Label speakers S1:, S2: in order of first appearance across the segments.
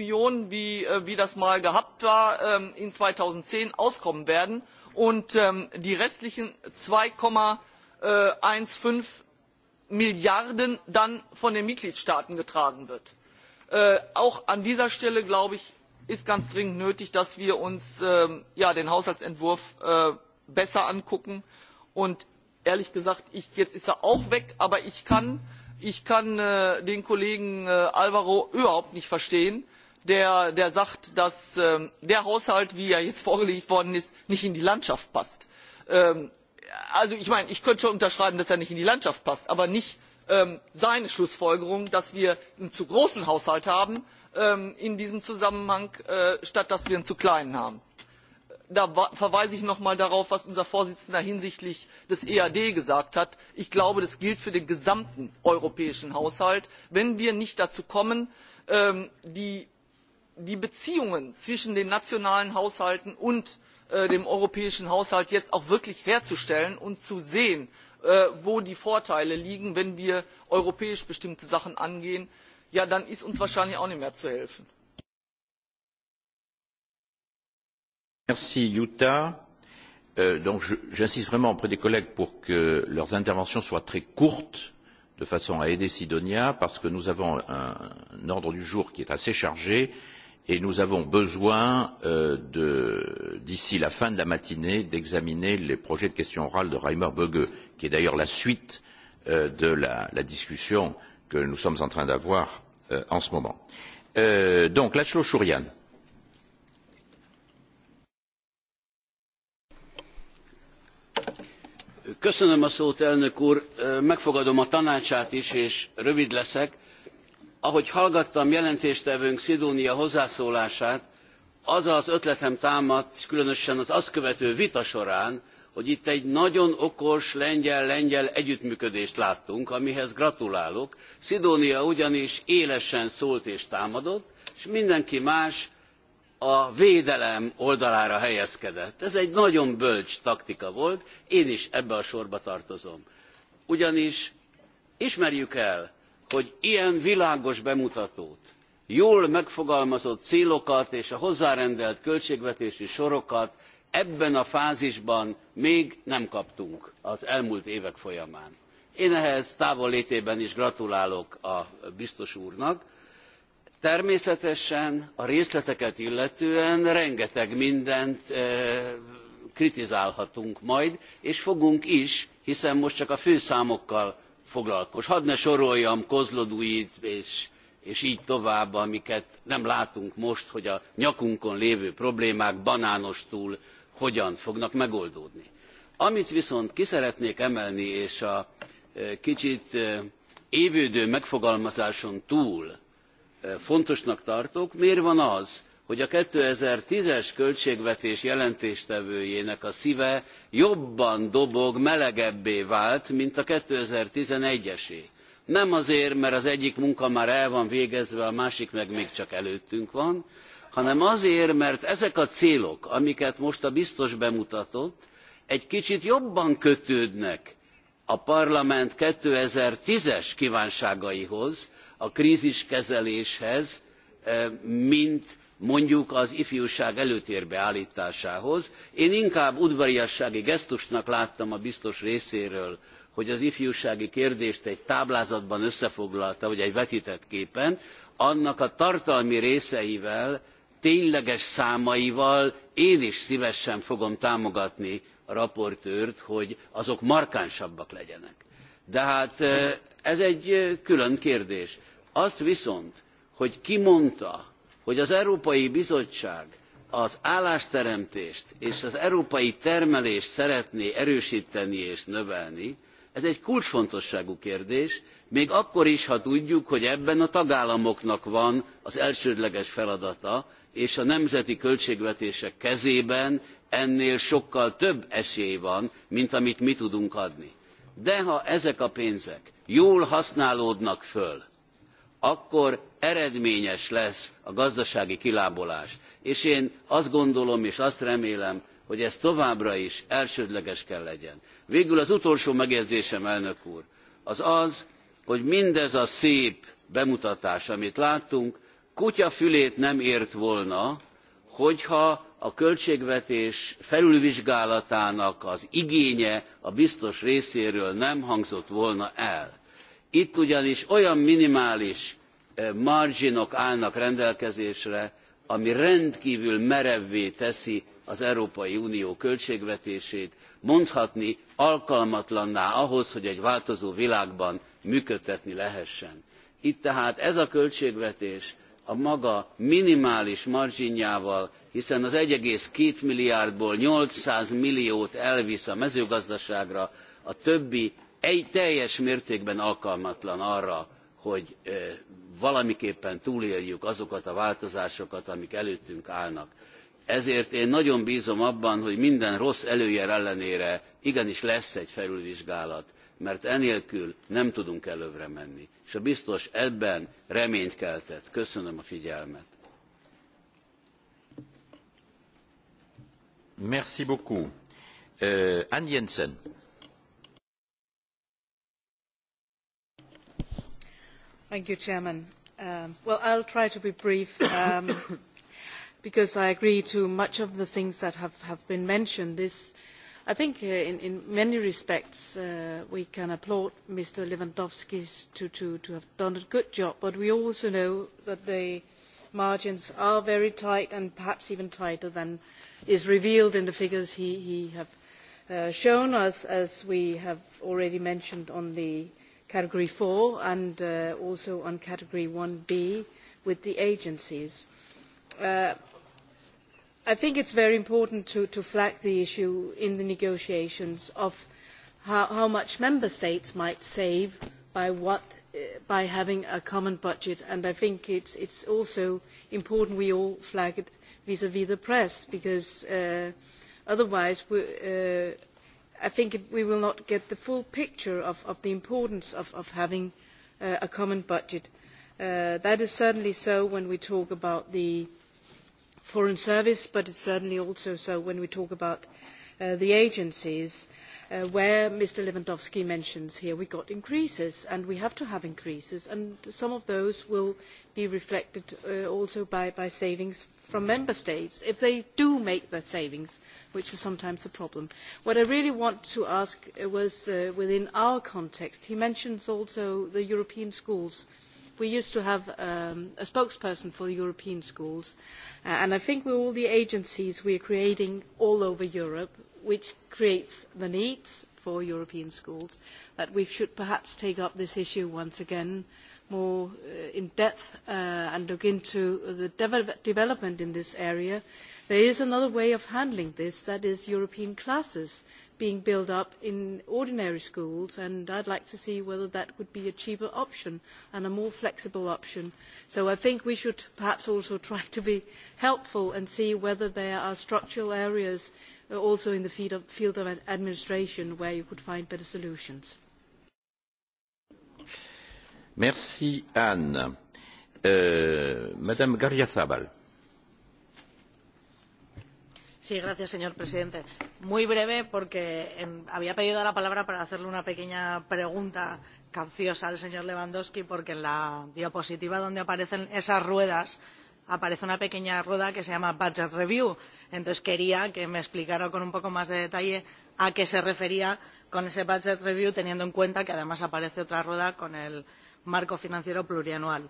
S1: Millionen, wie, das mal gehabt war, in zweitausendzehn auskommen werden und die restlichen zwei fünfzehn Milliarden dann von den Mitgliedstaaten getragen werden. Auch an dieser Stelle, glaube ich, ist ganz dringend nötig, dass wir uns den Haushaltsentwurf besser angucken. Und ehrlich gesagt, jetzt ist er auch weg, aber ich kann, den Kollegen Alvaro überhaupt nicht verstehen, der sagt dass der haushalt wie er jetzt vorgelegt worden ist nicht in die landschaft passt. also ich meine ich könnte schon unterschreiben dass er nicht in die landschaft passt aber nicht seine schlussfolgerung dass wir einen zu großen haushalt haben in diesem zusammenhang statt dass wir einen zu kleinen haben. da verweise ich noch einmal darauf was unser vorsitzender hinsichtlich des ead gesagt hat ich glaube das gilt für den gesamten europäischen haushalt wenn wir nicht dazu kommen die die Beziehungen zwischen den nationalen Haushalten und dem europäischen Haushalt jetzt auch wirklich herzustellen und zu sehen, wo die Vorteile liegen, wenn wir europäisch bestimmte Sachen angehen, ja, dann ist uns wahrscheinlich auch nicht mehr zu helfen.
S2: j'insiste vraiment auprès des collègues pour que leurs interventions soient très courtes, de façon à aider Sidonia, parce que nous avons un, ordre du jour qui est assez chargé et nous avons besoin d'ici la fin de la matinée d'examiner les projets de questions orales de Reimer Böge, qui est d'ailleurs la suite de la, discussion que nous sommes en train d'avoir en ce moment. donc, Lachlo Chourian.
S3: Köszönöm a szót, elnök úr. Megfogadom a tanácsát is, és rövid leszek ahogy hallgattam jelentéstevőnk Szidónia hozzászólását, az az ötletem támadt, különösen az azt követő vita során, hogy itt egy nagyon okos lengyel-lengyel együttműködést láttunk, amihez gratulálok. Szidónia ugyanis élesen szólt és támadott, és mindenki más a védelem oldalára helyezkedett. Ez egy nagyon bölcs taktika volt, én is ebbe a sorba tartozom. Ugyanis ismerjük el, hogy ilyen világos bemutatót, jól megfogalmazott célokat és a hozzárendelt költségvetési sorokat ebben a fázisban még nem kaptunk az elmúlt évek folyamán. Én ehhez távol létében is gratulálok a biztos úrnak. Természetesen a részleteket illetően rengeteg mindent kritizálhatunk majd, és fogunk is, hiszen most csak a főszámokkal foglalkoz. Hadd ne soroljam Kozlodújit és, és így tovább, amiket nem látunk most, hogy a nyakunkon lévő problémák banánostúl hogyan fognak megoldódni. Amit viszont ki szeretnék emelni, és a kicsit évődő megfogalmazáson túl fontosnak tartok, miért van az, hogy a two thousand and ten es költségvetés jelentéstevőjének a szve jobban dobog melegebbé vált mint a two thousand and eleven esé. nem azért mert az egyik munka már el van végezve a másik meg még csak előttünk van hanem azért mert ezek a célok amiket most a biztos bemutatott egy kicsit jobban kötődnek a parlament two thousand and ten es kvánságaihoz a krziskezeléshez mint mondjuk az ifjúság előtérbe állításához. Én inkább udvariassági gesztusnak láttam a biztos részéről, hogy az ifjúsági kérdést egy táblázatban összefoglalta, vagy egy vetített képen, annak a tartalmi részeivel, tényleges számaival én is szívesen fogom támogatni a raportőrt, hogy azok markánsabbak legyenek. De hát ez egy külön kérdés. Azt viszont, hogy ki mondta, hogy az Európai Bizottság az állásteremtést és az európai termelést szeretné erősíteni és növelni, ez egy kulcsfontosságú kérdés, még akkor is, ha tudjuk, hogy ebben a tagállamoknak van az elsődleges feladata, és a nemzeti költségvetések kezében ennél sokkal több esély van, mint amit mi tudunk adni. De ha ezek a pénzek jól használódnak föl, akkor eredményes lesz a gazdasági kilábolás. És én azt gondolom és azt remélem, hogy ez továbbra is elsődleges kell legyen. Végül az utolsó megjegyzésem, elnök úr, az az, hogy mindez a szép bemutatás, amit láttunk, kutyafülét nem ért volna, hogyha a költségvetés felülvizsgálatának az igénye a biztos részéről nem hangzott volna el Itt ugyanis olyan minimális marginok állnak rendelkezésre, ami rendkívül merevvé teszi az Európai Unió költségvetését, mondhatni alkalmatlanná ahhoz, hogy egy változó világban működtetni lehessen. Itt tehát ez a költségvetés a maga minimális marzsinjával, hiszen az 1,2 milliárdból 800 milliót elvisz a mezőgazdaságra, a többi egy teljes mértékben alkalmatlan arra, hogy valamiképpen túléljük azokat a változásokat, amik előttünk állnak. Ezért én nagyon bízom abban, hogy minden rossz előjel ellenére igenis lesz egy felülvizsgálat, mert enélkül nem tudunk előbbre menni. És a biztos ebben reményt keltett. Köszönöm a figyelmet.
S2: Merci beaucoup. Anne Jensen.
S4: Thank you, Chairman. Um, well, I'll try to be brief um, because I agree to much of the things that have, have been mentioned. This, I think uh, in, in many respects uh, we can applaud Mr. Lewandowski to, to, to have done a good job, but we also know that the margins are very tight and perhaps even tighter than is revealed in the figures he, he have uh, shown us, as we have already mentioned on the Category 4 and uh, also on Category 1B with the agencies. Uh, I think it's very important to, to flag the issue in the negotiations of how, how much member states might save by what by having a common budget and I think it's, it's also important we all flag it vis-à-vis the press because otherwise we, I think we will not get the full picture of, the importance of, having a common budget. that is certainly so when we talk about the foreign service, but it is certainly also so when we talk about the agencies, where Mr. Lewandowski mentions here we got increases, and we have to have increases, and some of those will be reflected also by, savings from member states, if they do make the savings, which is sometimes a problem. What I really want to ask was within our context, he mentions also the European schools we used to have a spokesperson for the European schools, and I think with all the agencies we are creating all over Europe, which creates the need for European schools, that we should perhaps take up this issue once again more in depth and look into the development in this area. There is another way of handling this, that is European classes being built up in ordinary schools, and I'd like to see whether that would be a cheaper option and a more flexible option. So I think we should perhaps also try to be helpful and see whether there are structural areas also in the field of administration where you could find better solutions.
S2: Merci Anne. Madame
S5: señor presidente. Muy breve, porque había pedido la palabra para hacerle una pequeña pregunta capciosa al señor Lewandowski, porque en la diapositiva donde aparecen esas ruedas aparece una pequeña rueda que se llama budget review. Entonces quería que me explicara con un poco más de detalle a qué se refería con ese budget review, teniendo en cuenta que además aparece otra rueda con el marco financiero plurianual.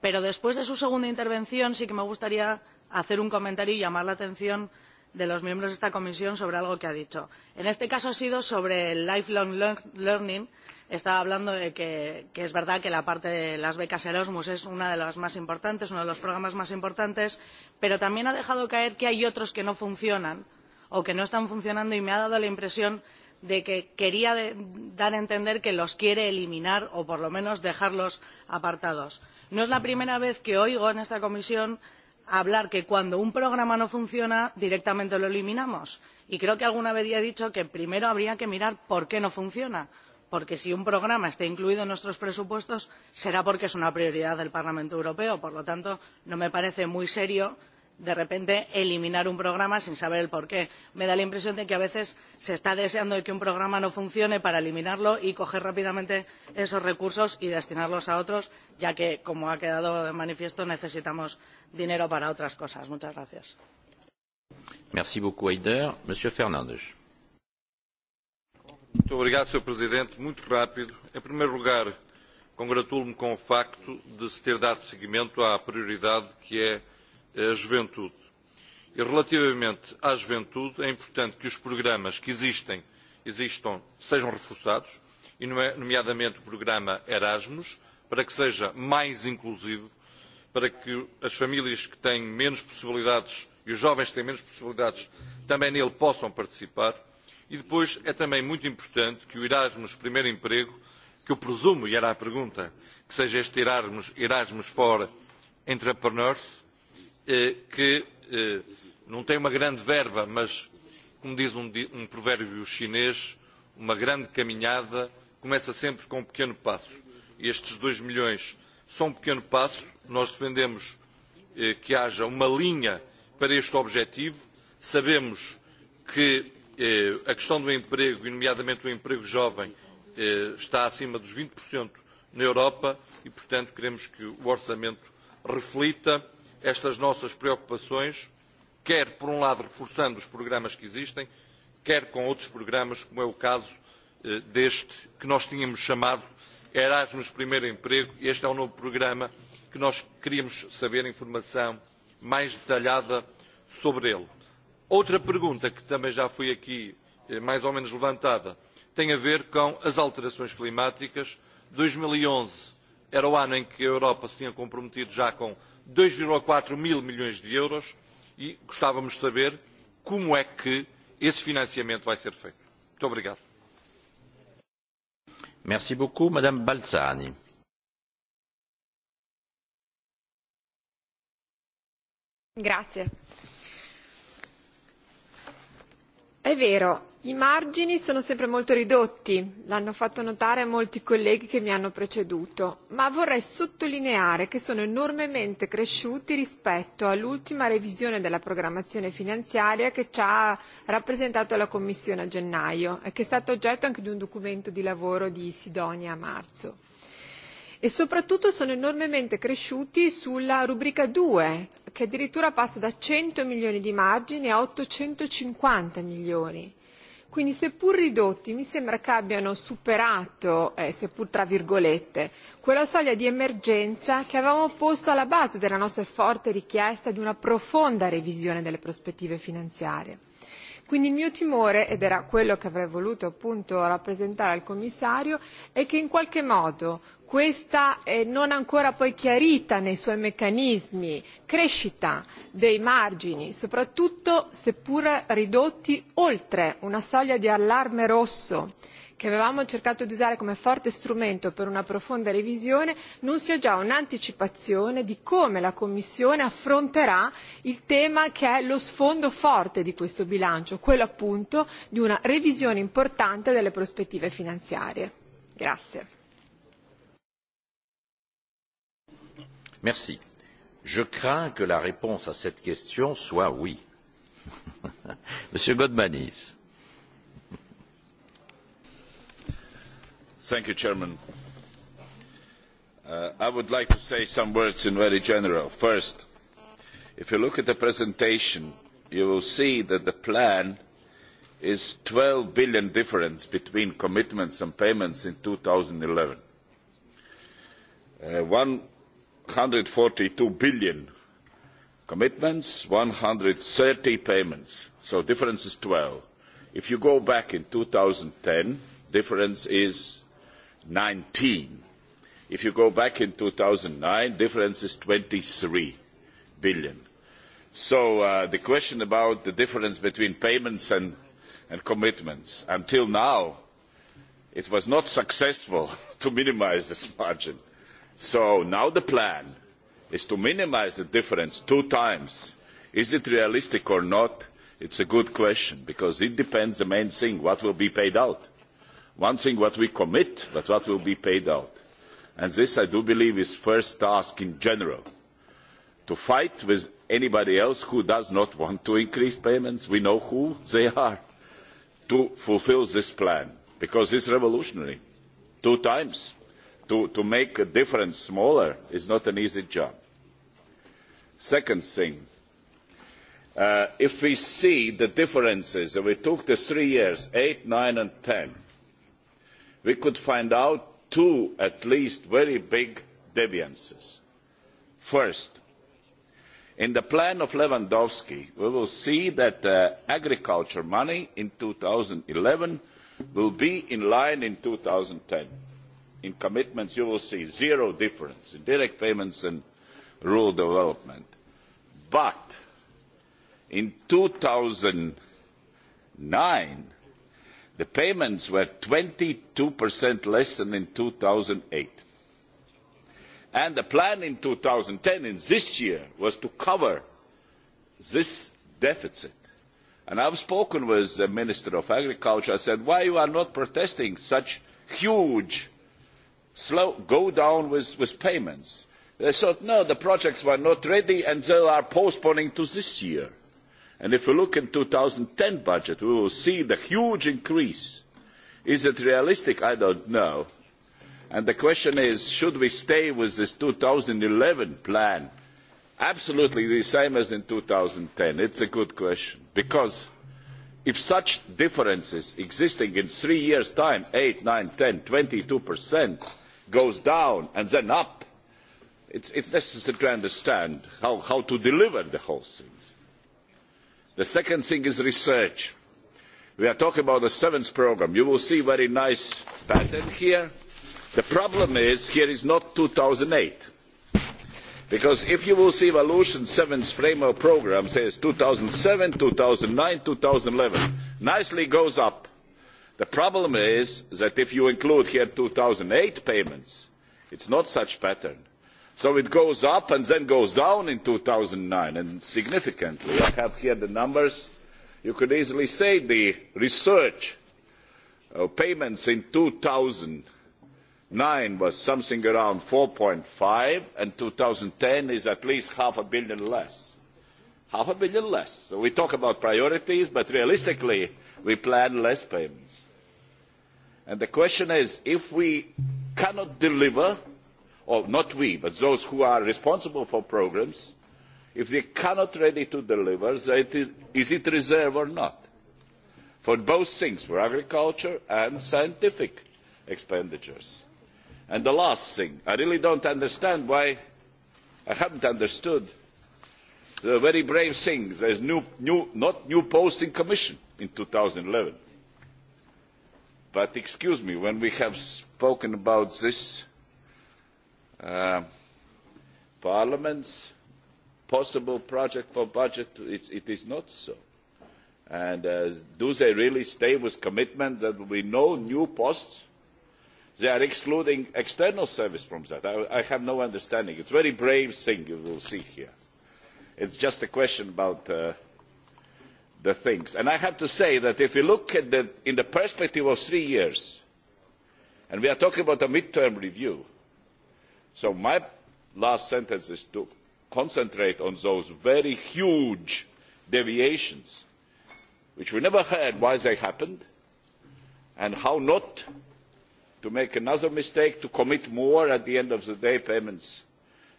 S5: Pero después de su segunda intervención sí que me gustaría hacer un comentario y llamar la atención de los miembros de esta comisión sobre algo que ha dicho. En este caso ha sido sobre el lifelong learning. Estaba hablando de que, es verdad que la parte de las becas Erasmus es una de las más importantes, uno de los programas más importantes, pero también ha dejado caer que hay otros que no funcionan o que no están funcionando y me ha dado la impresión de que quería dar a entender que los quiere eliminar o por lo menos dejarlos apartados. No es la primera vez que oigo en esta comisión hablar que cuando un programa no funciona directamente lo eliminamos. Y creo que alguna vez ya he dicho que primero habría que mirar por qué no funciona. Porque si un programa está incluido en nuestros presupuestos será porque es una prioridad del Parlamento Europeo. Por lo tanto, no me parece muy serio de repente eliminar un programa sin saber el porqué. Me da la impresión de que a veces se está deseando que un programa no funcione para eliminarlo y coger rápidamente esos recursos y destinarlos a otros, ya que, como ha quedado de manifiesto, necesitamos dinero para otras cosas. Muchas gracias.
S2: Merci beaucoup, Heider. Monsieur Fernandes.
S6: Muito obrigado, Sr. Presidente. Muito rápido. Em primeiro lugar, congratulo-me com o facto de se ter dado seguimento à prioridade que é a juventude. E relativamente à juventude, é importante que os programas que existem existam, sejam reforçados, e nomeadamente o programa Erasmus, para que seja mais inclusivo, para que as famílias que têm menos possibilidades e os jovens que têm menos possibilidades também nele possam participar. E depois é também muito importante que o Erasmus Primeiro Emprego, que eu presumo, e era a pergunta, que seja este Erasmus, Erasmus for Entrepreneurs, que não tem uma grande verba, mas, como diz um provérbio chinês, uma grande caminhada começa sempre com um pequeno passo. E estes dois milhões são um pequeno passo. Nós defendemos que haja uma linha para este objetivo. Sabemos que a questão do emprego, e nomeadamente o emprego jovem, está acima dos vinte na Europa e, portanto, queremos que o orçamento reflita estas nossas preocupações, quer, por um lado, reforçando os programas que existem, quer com outros programas, como é o caso deste que nós tínhamos chamado Erasmus Primeiro Emprego. Este é um novo programa que nós queríamos saber informação mais detalhada sobre ele. Outra pergunta que também já foi aqui mais ou menos levantada tem a ver com as alterações climáticas. 2011 era o ano em que a Europa se tinha comprometido já com dois quatro mil milhões de euros e gostávamos de saber como é que esse financiamento vai ser feito. Muito obrigado.
S2: Merci beaucoup, Madame Balzani.
S7: Grazie. È vero, I margini sono sempre molto ridotti, l'hanno fatto notare molti colleghi che mi hanno preceduto, ma vorrei sottolineare che sono enormemente cresciuti rispetto all'ultima revisione della programmazione finanziaria che ci ha rappresentato la Commissione a gennaio e che è stato oggetto anche di un documento di lavoro di Sidonia a marzo. E soprattutto sono enormemente cresciuti sulla rubrica due, che addirittura passa da cento milioni di margini a ottocentocinquanta milioni Quindi seppur ridotti mi sembra che abbiano superato, seppur tra virgolette, quella soglia di emergenza che avevamo posto alla base della nostra forte richiesta di una profonda revisione delle prospettive finanziarie Quindi il mio timore, ed era quello che avrei voluto appunto rappresentare al commissario, è che in qualche modo questa non ancora poi chiarita nei suoi meccanismi crescita dei margini, soprattutto seppur ridotti oltre una soglia di allarme rosso che avevamo cercato di usare come forte strumento per una profonda revisione non sia già un'anticipazione di come la Commissione affronterà il tema che è lo sfondo forte di questo bilancio, quello appunto di una revisione importante delle prospettive finanziarie.
S2: Merci. Je crains que la réponse à cette question soit oui. Monsieur Godmanis mr president
S8: I would like to say some words in very general. First, if you look at the presentation, you will see that the plan is EUR twelve billion difference between commitments and payments in eleven. one hundred and forty two billion commitments, one hundred and thirty payments. So difference is twelve. If you go back in ten, difference is nineteen. If you go back in two thousand nine, the difference is twenty three billion. So the question about the difference between payments and, commitments, until now, it was not successful to minimise this margin. So now the plan is to minimise the difference two times. Is it realistic or not? It's a good question because it depends the main thing, what will be paid out one thing what we commit, but what will be paid out. And this, I do believe, is first task in general. To fight with anybody else who does not want to increase payments, we know who they are, to fulfil this plan. Because it's revolutionary. Two times. To, to make a difference smaller is not an easy job. Second thing, if we see the differences, and we took the three years, eight, nine, and ten, we could find out two at least very big deviances. First, in the plan of Lewandowski, we will see that the agriculture money in eleven will be in line in ten. In commitments, you will see zero difference in direct payments and rural development. But in two thousand nine The payments were 22% less than in 2008. And the plan in 2010, in this year, was to cover this deficit. And I've spoken with the Minister of Agriculture. I said, why you are not protesting such huge slow go down with, with payments? They thought, no, the projects were not ready and they are postponing to this year. And if we look at the ten budget, we will see the huge increase. Is it realistic? I don't know. And the question is, should we stay with this eleven plan absolutely the same as in It It's a good question. Because if such differences existing in three years' time, 8, 9, 10, 22%, goes down and then up, it's, it's necessary to understand how, how to deliver the whole thing the second thing is research. we are talking about the seventh programme. you will see a very nice pattern here. the problem is here is not two thousand and eight because if you will see evolution seventh framework programme says two thousand and seven two thousand and nine two thousand and eleven nicely goes up the problem is that if you include here two thousand and eight payments it is not such a pattern So it goes up and then goes down in two thousand nine, and significantly. I have here the numbers. You could easily say the research payments in two thousand nine was something around four five and ten is at least half a billion less. Half a billion less. So we talk about priorities, but realistically, we plan less payments. And the question is, if we cannot deliver or not we, but those who are responsible for programmes, if they cannot ready to deliver, is it reserve or not? For both things, for agriculture and scientific expenditures. And the last thing, I really don't understand why, I haven't understood the very brave thing, there is new, new, not new posting commission in eleven. But excuse me, when we have spoken about this Parliament's possible project for budget, it, it is not so. And do they really stay with commitment that there will be no new posts? They are excluding external service from that. I, I have no understanding. It's a very brave thing you will see here. It's just a question about uh, the things. And I have to say that if you look at the, in the perspective of three years, and we are talking about a mid term review, so my last sentence is to concentrate on those very huge deviations which we never heard why they happened and how not to make another mistake to commit more at the end of the day payments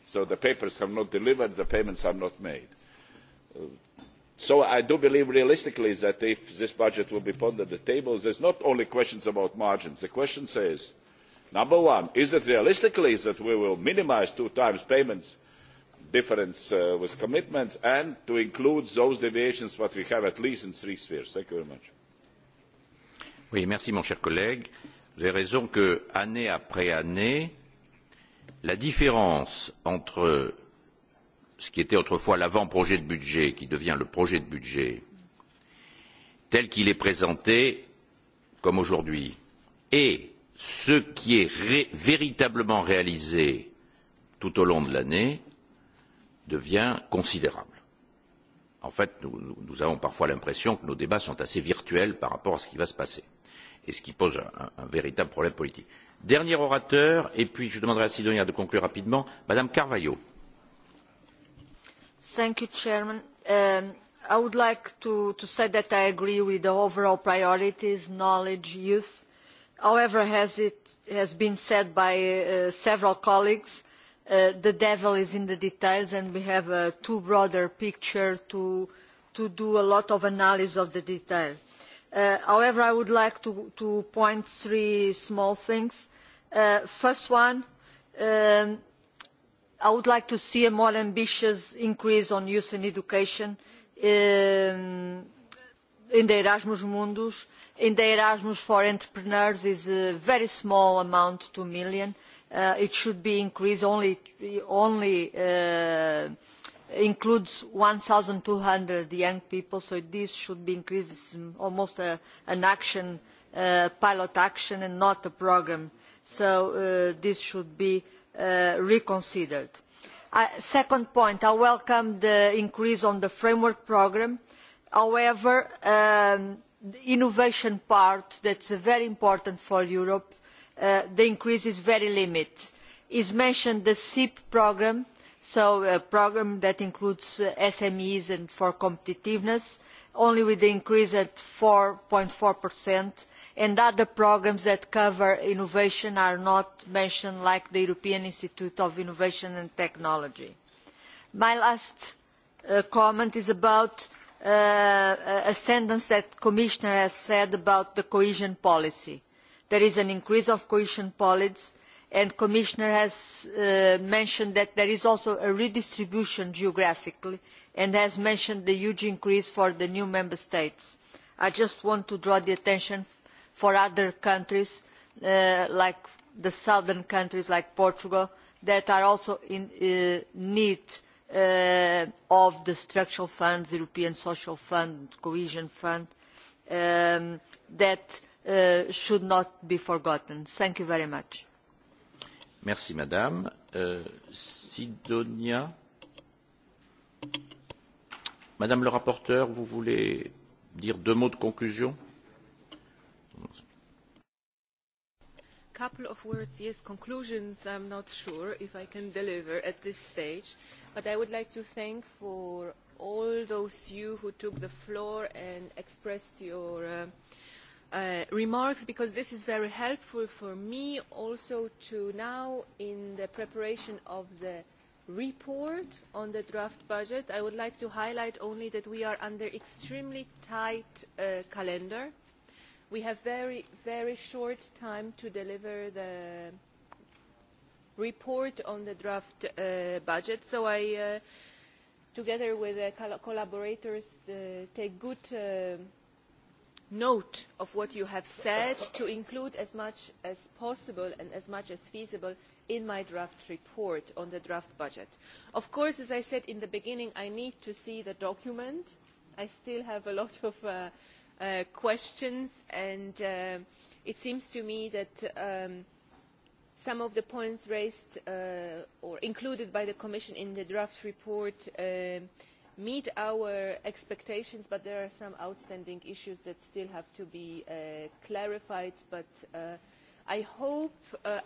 S8: so the papers have not delivered the payments are not made so i do believe realistically that if this budget will be put on the table there are not only questions about margins the question says number one is it realistically that we will minimise two times payments difference with commitments and to include those deviations that we have at least in three spheres. Thank you very much.
S2: Oui, merci mon cher collègue. Vous avez raison que, année après année, la différence entre ce qui était autrefois l'avant-projet de budget, qui devient le projet de budget, tel qu'il est présenté, comme aujourd'hui, et ce qui est véritablement réalisé tout au long de l'année devient considérable. En fait, nous, avons parfois l'impression que nos débats sont assez virtuels par rapport à ce qui va se passer, et ce qui pose un, véritable problème politique. Dernier orateur, et puis je demanderai à Sidonia de conclure rapidement, Madame Carvalho.
S9: I would like to, say that I agree with the overall priorities, knowledge, youth, however as has been said by several colleagues the devil is in the details and we have a too broad picture to do a lot of analysis of the detail. however i would like to point out three small things. first one i would like to see a more ambitious increase on youth and education in the erasmus mundus in the Erasmus for entrepreneurs is a very small amount, two million. it should be increased only, only uh, includes one two hundred young people, so this should be increased. It's almost a, an action, uh, pilot action and not a programme. So this should be reconsidered. second point, I welcome the increase on the framework programme. However, the innovation part that is very important for Europe, the increase is very limited. Is mentioned the SIP programme, so a programme that includes SMEs and for competitiveness, only with the increase at four, and other programmes that cover innovation are not mentioned, like the European Institute of Innovation and Technology. My last comment is about a sentence that the Commissioner has said about the cohesion policy. There is an increase of cohesion policy and the Commissioner has mentioned that there is also a redistribution geographically and has mentioned the huge increase for the new member states. I just want to draw the attention for other countries like the southern countries like Portugal that are also in need uh, of the structural funds, European Social Fund, Cohesion Fund, that should not be forgotten. Thank you very much.
S2: Madame. vous voulez dire deux mots de conclusion
S10: couple of words, yes, conclusions, I'm not sure if I can deliver at this stage, but I would like to thank for all those you who took the floor and expressed your uh, uh, remarks because this is very helpful for me also to now in the preparation of the report on the draft budget. I would like to highlight only that we are under extremely tight uh, calendar we have very, very short time to deliver the report on the draft budget. So I, together with the collaborators, take good note of what you have said to include as much as possible and as much as feasible in my draft report on the draft budget. Of course, as I said in the beginning, I need to see the document. I still have a lot of questions, and it seems to me that some of the points raised or included by the Commission in the draft report meet our expectations, but there are some outstanding issues that still have to be clarified. But I hope,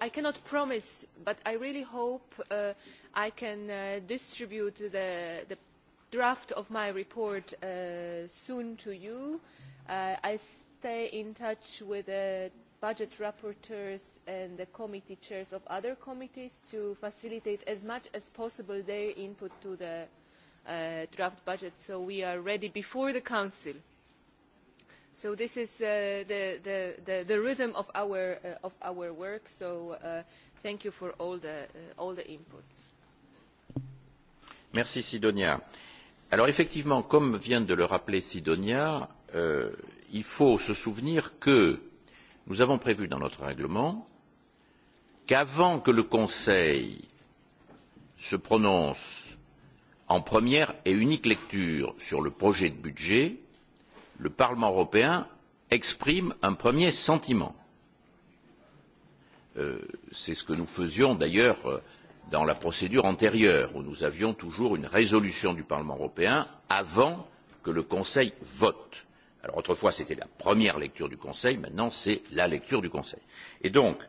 S10: I cannot promise, but I really hope I can distribute the, draft of my report soon to you. Uh, I stay in touch with the budget rapporteurs and the committee chairs of other committees to facilitate as much as possible their input to the draft budget so we are ready before the council. So this is uh, the, the, the, the rhythm of our, uh, of our work, so uh, thank you for all the, uh, all the inputs.
S2: Merci Sidonia. Alors effectivement, comme vient de le rappeler Sidonia, il faut se souvenir que nous avons prévu dans notre règlement qu'avant que le Conseil se prononce en première et unique lecture sur le projet de budget, le Parlement européen exprime un premier sentiment. C'est ce que nous faisions d'ailleurs dans la procédure antérieure, où nous avions toujours une résolution du Parlement européen avant que le Conseil vote. Alors autrefois c'était la première lecture du Conseil, maintenant c'est la lecture du Conseil. Et donc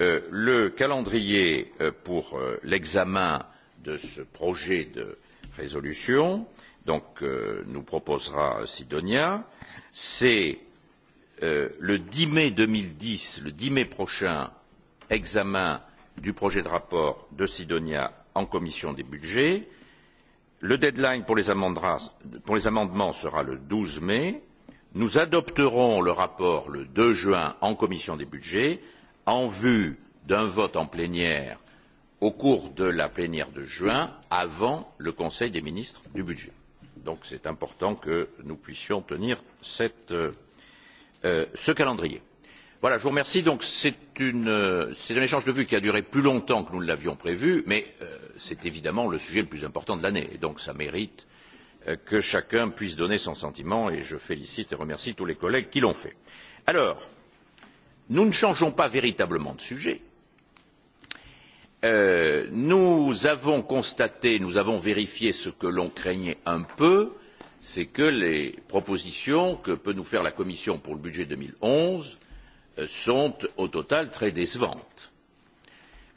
S2: le calendrier pour l'examen de ce projet de résolution, donc nous proposera Sidonia, c'est le dix mai deux mille dix, le dix mai prochain, examen du projet de rapport de Sidonia en commission des budgets. Le deadline pour les amendements sera le douze mai nous adopterons le rapport le deux juin en commission des budgets en vue d'un vote en plénière au cours de la plénière de juin avant le conseil des ministres du budget. donc il est important que nous puissions tenir ce calendrier. voilà je vous remercie. c'est un échange de vues qui a duré plus longtemps que nous ne l'avions prévu mais c'est évidemment le sujet le plus important de l'année et donc cela mérite que chacun puisse donner son sentiment et je félicite et remercie tous les collègues qui l'ont fait. Alors, nous ne changeons pas véritablement de sujet. nous avons constaté, nous avons vérifié ce que l'on craignait un peu, c'est que les propositions que peut nous faire la Commission pour le budget deux mille onze sont au total très décevantes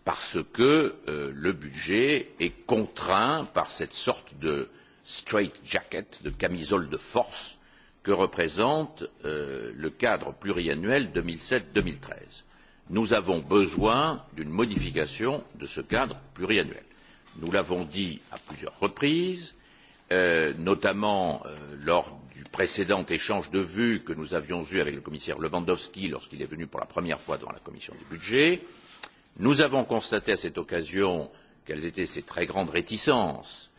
S2: parce que le budget est contraint par cette sorte de straight jacket, de camisole de force que représente le cadre pluriannuel deux mille sept deux mille treize. Nous avons besoin d'une modification de ce cadre pluriannuel. Nous l'avons dit à plusieurs reprises, notamment lors du précédent échange de vues que nous avions eu avec le commissaire Lewandowski lorsqu'il est venu pour la première fois devant la commission des budgets. Nous avons constaté à cette occasion quelles étaient ses très grandes réticences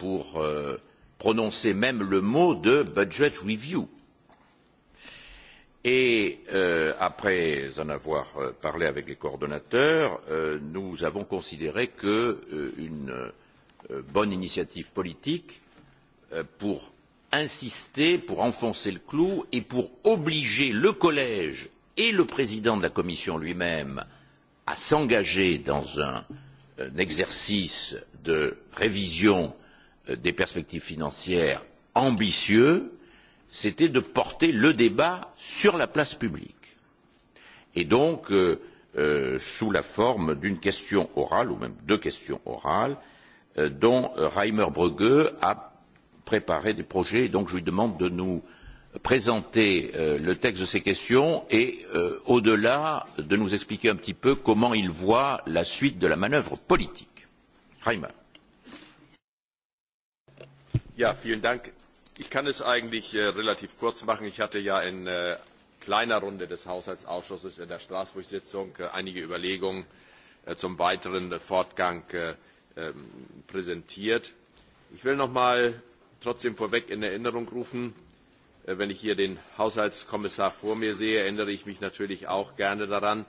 S2: pour prononcer même le mot de budget review. Et après en avoir parlé avec les coordonnateurs, nous avons considéré qu'une bonne initiative politique pour insister, pour enfoncer le clou et pour obliger le collège et le président de la commission lui-même à s'engager dans un, exercice de révision des perspectives financières ambitieux, c'était de porter le débat sur la place publique. Et donc, sous la forme d'une question orale, ou même deux questions orales, dont Reimer Brugge a préparé des projets. Et donc, je lui demande de nous présenter le texte de ces questions et, au-delà, de nous expliquer un petit peu comment il voit la suite de la manœuvre politique. Reimer
S11: vielen Dank. Ich kann es eigentlich relativ kurz machen. Ich hatte ja in kleiner Runde des Haushaltsausschusses in der Straßburg-Sitzung einige Überlegungen zum weiteren Fortgang präsentiert. Ich will noch mal trotzdem vorweg in Erinnerung rufen, wenn ich hier den Haushaltskommissar vor mir sehe, erinnere ich mich natürlich auch gerne daran,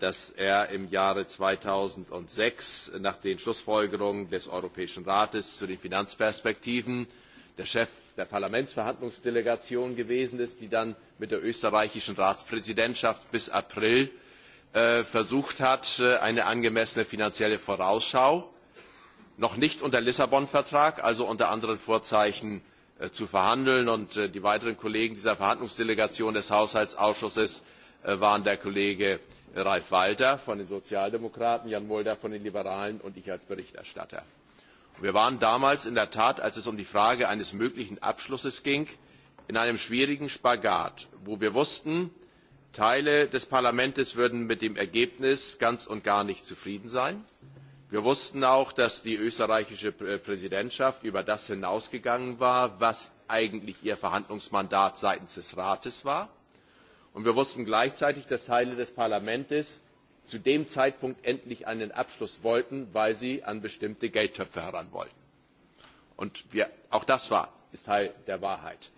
S11: dass er im Jahre 2006 nach den Schlussfolgerungen des Europäischen Rates zu den Finanzperspektiven der Chef der Parlamentsverhandlungsdelegation gewesen ist, die dann mit der österreichischen Ratspräsidentschaft bis April versucht hat, eine angemessene finanzielle Vorausschau noch nicht unter Lissabon Vertrag, also unter anderen Vorzeichen zu verhandeln. Und die weiteren Kollegen dieser Verhandlungsdelegation des Haushaltsausschusses waren der Kollege Ralf Walter von den Sozialdemokraten, Jan Mulder von den Liberalen und ich als Berichterstatter. Wir waren damals in der Tat, als es um die Frage eines möglichen Abschlusses ging, in einem schwierigen Spagat, wo wir wussten, Teile des Parlaments würden mit dem Ergebnis ganz und gar nicht zufrieden sein. Wir wussten auch, dass die österreichische Präsidentschaft über das hinausgegangen war, was eigentlich ihr Verhandlungsmandat seitens des Rates war. Und wir wussten gleichzeitig, dass Teile des Parlaments zu dem Zeitpunkt endlich einen Abschluss wollten, weil sie an bestimmte Geldtöpfe heran wollten. auch das ist Teil der Wahrheit.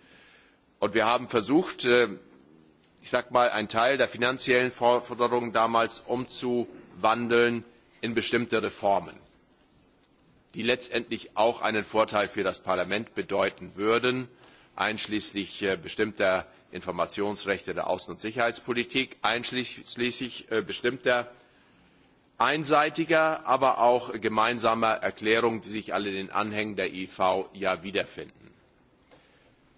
S11: wir haben versucht, ich sage mal, einen Teil der finanziellen Forderungen damals umzuwandeln in bestimmte Reformen, die letztendlich auch einen Vorteil für das Parlament bedeuten würden einschließlich bestimmter Informationsrechte der Außen- und Sicherheitspolitik, einschließlich bestimmter einseitiger, aber auch gemeinsamer Erklärungen, die sich alle in den Anhängen der IV ja wiederfinden.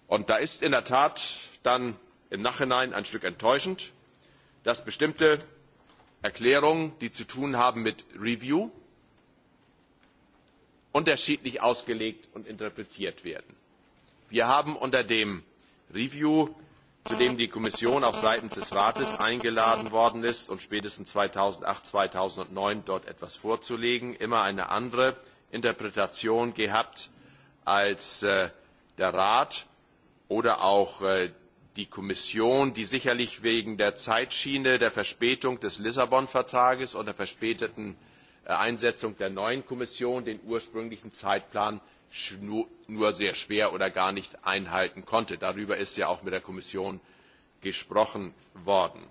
S11: Und da ist in der Tat dann im Nachhinein ein Stück enttäuschend, dass bestimmte Erklärungen, die zu tun haben mit Review, unterschiedlich ausgelegt und interpretiert werden wir haben unter dem review zu dem die kommission auch seitens des rates eingeladen worden ist um spätestens zweitausendacht zweitausendneun dort etwas vorzulegen immer eine andere interpretation gehabt als der rat oder auch die kommission die sicherlich wegen der zeitschiene der verspätung des lissabon vertrags und der verspäteten einsetzung der neuen kommission den ursprünglichen zeitplan nur sehr schwer oder gar nicht einhalten konnte. Darüber ist ja auch mit der Kommission gesprochen worden.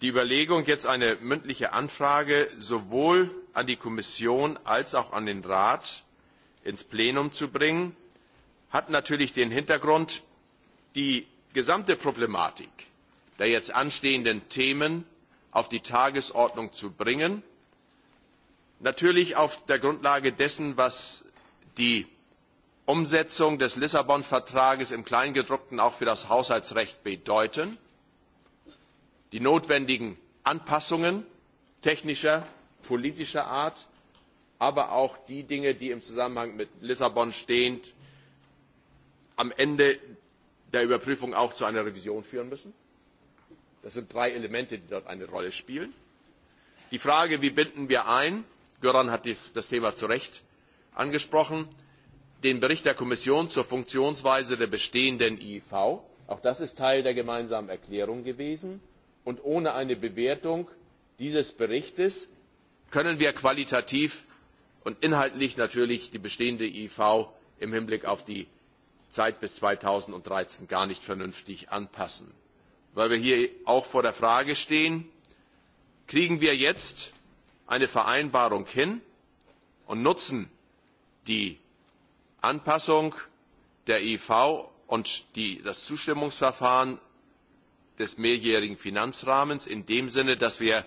S11: Die Überlegung, jetzt eine mündliche Anfrage sowohl an die Kommission als auch an den Rat ins Plenum zu bringen, hat natürlich den Hintergrund, die gesamte Problematik der jetzt anstehenden Themen auf die Tagesordnung zu bringen natürlich auf der Grundlage dessen, was die Umsetzung des Lissabon Vertrags im Kleingedruckten auch für das Haushaltsrecht bedeuten, die notwendigen Anpassungen technischer, politischer Art, aber auch die Dinge, die im Zusammenhang mit Lissabon stehen, am Ende der Überprüfung auch zu einer Revision führen müssen. Das sind drei Elemente, die dort eine Rolle spielen. Die Frage, wie binden wir ein, Göran hat das Thema zu Recht angesprochen. Den Bericht der Kommission zur Funktionsweise der bestehenden IIV Auch das ist Teil der gemeinsamen Erklärung gewesen. Und ohne eine Bewertung dieses Berichts können wir qualitativ und inhaltlich natürlich die bestehende IIV im Hinblick auf die Zeit bis zweitausenddreizehn gar nicht vernünftig anpassen. Weil wir hier auch vor der Frage stehen, kriegen wir jetzt eine vereinbarung hin und nutzen die anpassung der iiv und das zustimmungsverfahren des mehrjährigen finanzrahmens in dem sinne dass wir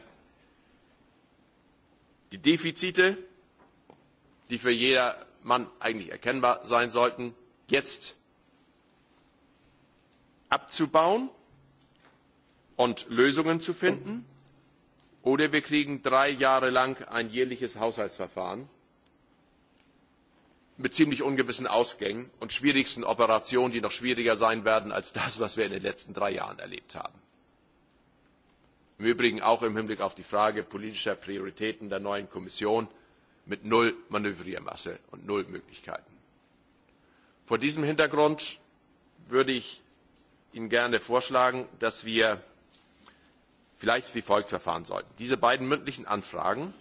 S11: die defizite die für jedermann eigentlich erkennbar sein sollten jetzt abzubauen und lösungen zu finden oder wir kriegen drei jahre lang ein jährliches haushaltsverfahren mit ziemlich ungewissen ausgängen und schwierigsten operationen die noch schwieriger sein werden als das was wir in den letzten drei jahren erlebt haben im übrigen auch im hinblick auf die frage politischer prioritäten der neuen kommission mit null manövriermasse und null möglichkeiten. vor diesem hintergrund würde ich ihnen gerne vorschlagen dass vielleicht wie folgt verfahren sollten diese beiden mündlichen anfragen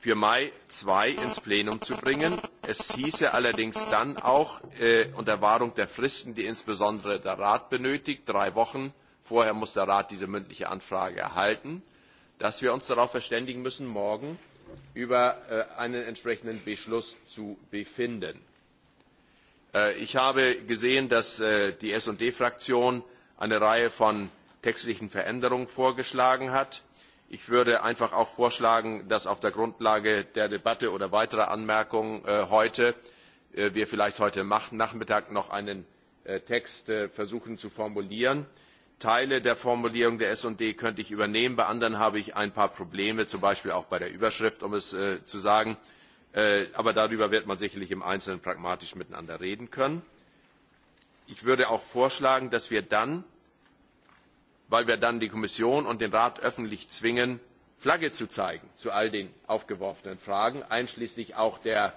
S11: für mai ii ins plenum zu bringen. es hieße allerdings dann auch unter wahrung der fristen die insbesondere der rat benötigt drei wochen vorher muss der rat diese mündliche anfrage erhalten dass wir uns darauf verständigen müssen morgen über einen entsprechenden beschluss zu befinden. ich habe gesehen dass die sd fraktion eine reihe von textlichen Veränderungen vorgeschlagen hat. Ich würde einfach auch vorschlagen, dass wir auf der Grundlage der Debatte oder weiterer Anmerkungen heute wir vielleicht heute Nachmittag noch einen Text versuchen zu formulieren. Teile der Formulierung der S&D könnte ich übernehmen, bei anderen habe ich ein paar Probleme, zum Beispiel auch bei der Überschrift, um es zu sagen. Aber darüber wird man sicherlich im Einzelnen pragmatisch miteinander reden können. Ich würde auch vorschlagen, dass wir dann weil wir dann die kommission und den rat öffentlich zwingen flagge zu zeigen zu all den aufgeworfenen fragen einschließlich auch der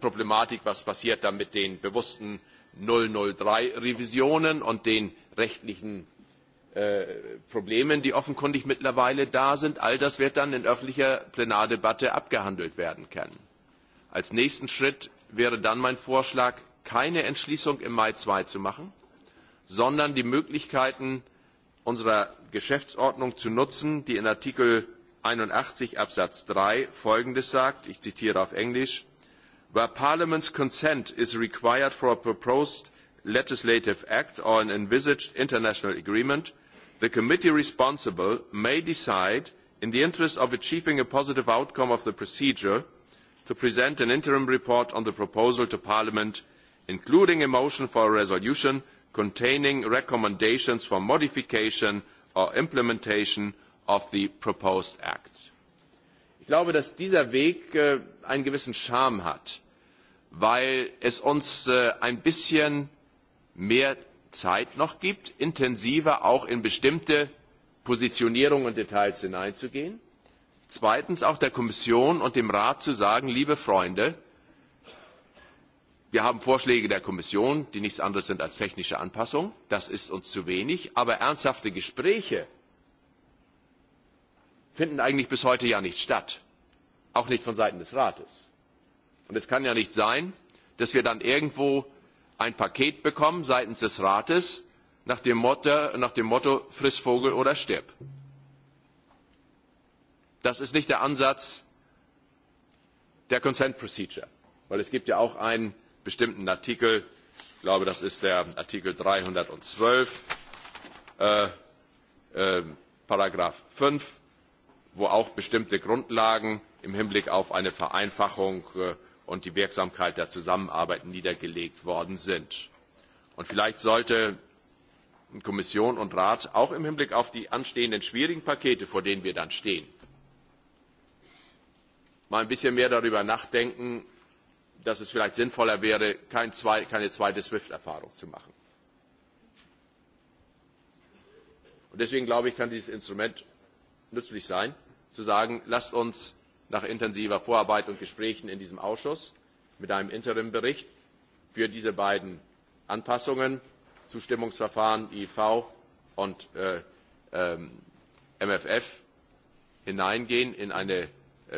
S11: problematik was passiert dann mit den bewussten drei revisionen und den rechtlichen Problemen, die offenkundig mittlerweile da sind. All das wird dann in öffentlicher Plenardebatte abgehandelt werden können. Als nächsten Schritt wäre dann mein Vorschlag, keine Entschließung im Mai II zu machen, sondern die Möglichkeiten unserer Geschäftsordnung zu nutzen, die in Artikel einundachtzig Absatz drei Folgendes sagt, ich zitiere auf Englisch, Where Parliament's consent is required for a proposed legislative act or an envisaged international agreement, the committee responsible may decide, in the interest of achieving a positive outcome of the procedure, to present an interim report on the proposal to Parliament, including a motion for a resolution containing recommendations for modification or implementation of the proposed act. Ich glaube, dass dieser Weg einen gewissen Charme hat, weil es uns ein bisschen mehr Zeit noch gibt, intensiver auch in bestimmte Positionierungen und Details hineinzugehen. Zweitens auch der Kommission und dem Rat zu sagen, liebe Freunde, Wir haben Vorschläge der Kommission, die nichts anderes sind als technische Anpassung. Das ist uns zu wenig. Aber ernsthafte Gespräche finden eigentlich bis heute ja nicht statt. Auch nicht von Seiten des Rates. Und es kann ja nicht sein, dass wir dann irgendwo ein Paket bekommen seitens des Rates nach dem Motto, friss Vogel oder stirb. Das ist nicht der Ansatz der Consent Procedure, weil es gibt ja auch bestimmten Artikel, ich glaube, das ist der Artikel 312, äh, äh, Paragraph 5, wo auch bestimmte Grundlagen im Hinblick auf eine Vereinfachung und die Wirksamkeit der Zusammenarbeit niedergelegt worden sind. Und vielleicht sollte Kommission und Rat auch im Hinblick auf die anstehenden schwierigen Pakete, vor denen wir dann stehen, mal ein bisschen mehr darüber nachdenken, dass es vielleicht sinnvoller wäre, keine zweite SWIFT-Erfahrung zu machen. deswegen glaube ich, kann dieses Instrument nützlich sein, zu sagen, lasst uns nach intensiver Vorarbeit und Gesprächen in diesem Ausschuss mit einem Interimbericht für diese beiden Anpassungen, Zustimmungsverfahren, IV und MFF hineingehen in eine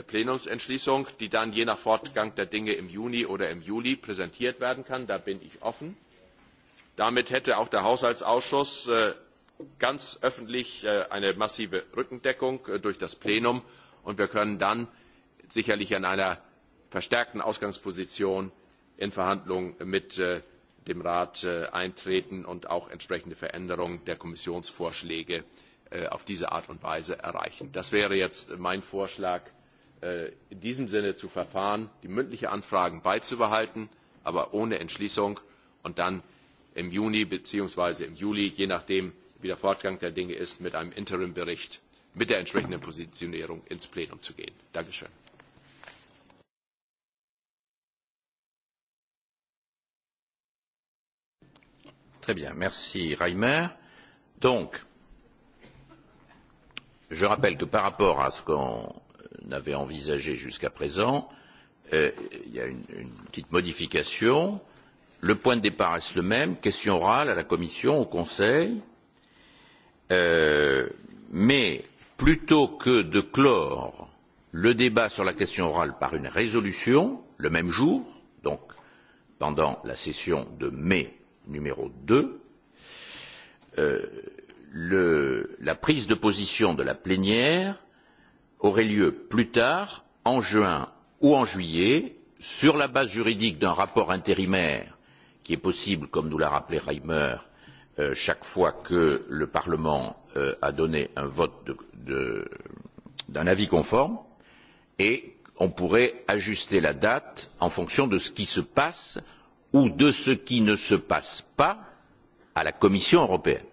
S11: Plenumsentschließung, die dann je nach Fortgang der Dinge im Juni oder im Juli präsentiert werden kann. Da bin ich offen. Damit hätte auch der Haushaltsausschuss ganz öffentlich eine massive Rückendeckung durch das Plenum und wir können dann sicherlich an einer verstärkten Ausgangsposition in Verhandlungen mit dem Rat eintreten und auch entsprechende Veränderungen der Kommissionsvorschläge auf diese Art und Weise erreichen. Das wäre jetzt mein Vorschlag in diesem Sinne zu verfahren, die mündlichen Anfragen beizubehalten, aber ohne Entschließung und dann im Juni bzw. im Juli, je nachdem, wie der Fortgang der Dinge ist, mit einem Interimbericht mit der entsprechenden Positionierung ins Plenum zu gehen. Dankeschön.
S2: Très bien, merci Reimer. Donc, je rappelle que par rapport à ce qu'on n'avait envisagé jusqu'à présent. il y a une, petite modification. Le point de départ reste le même, question orale à la Commission, au Conseil. mais plutôt que de clore le débat sur la question orale par une résolution, le même jour, donc pendant la session de mai numéro deux, la prise de position de la plénière aurait lieu plus tard, en juin ou en juillet, sur la base juridique d'un rapport intérimaire qui est possible, comme nous l'a rappelé Reimer, chaque fois que le Parlement a donné un vote d'un avis conforme, et on pourrait ajuster la date en fonction de ce qui se passe ou de ce qui ne se passe pas à la Commission européenne.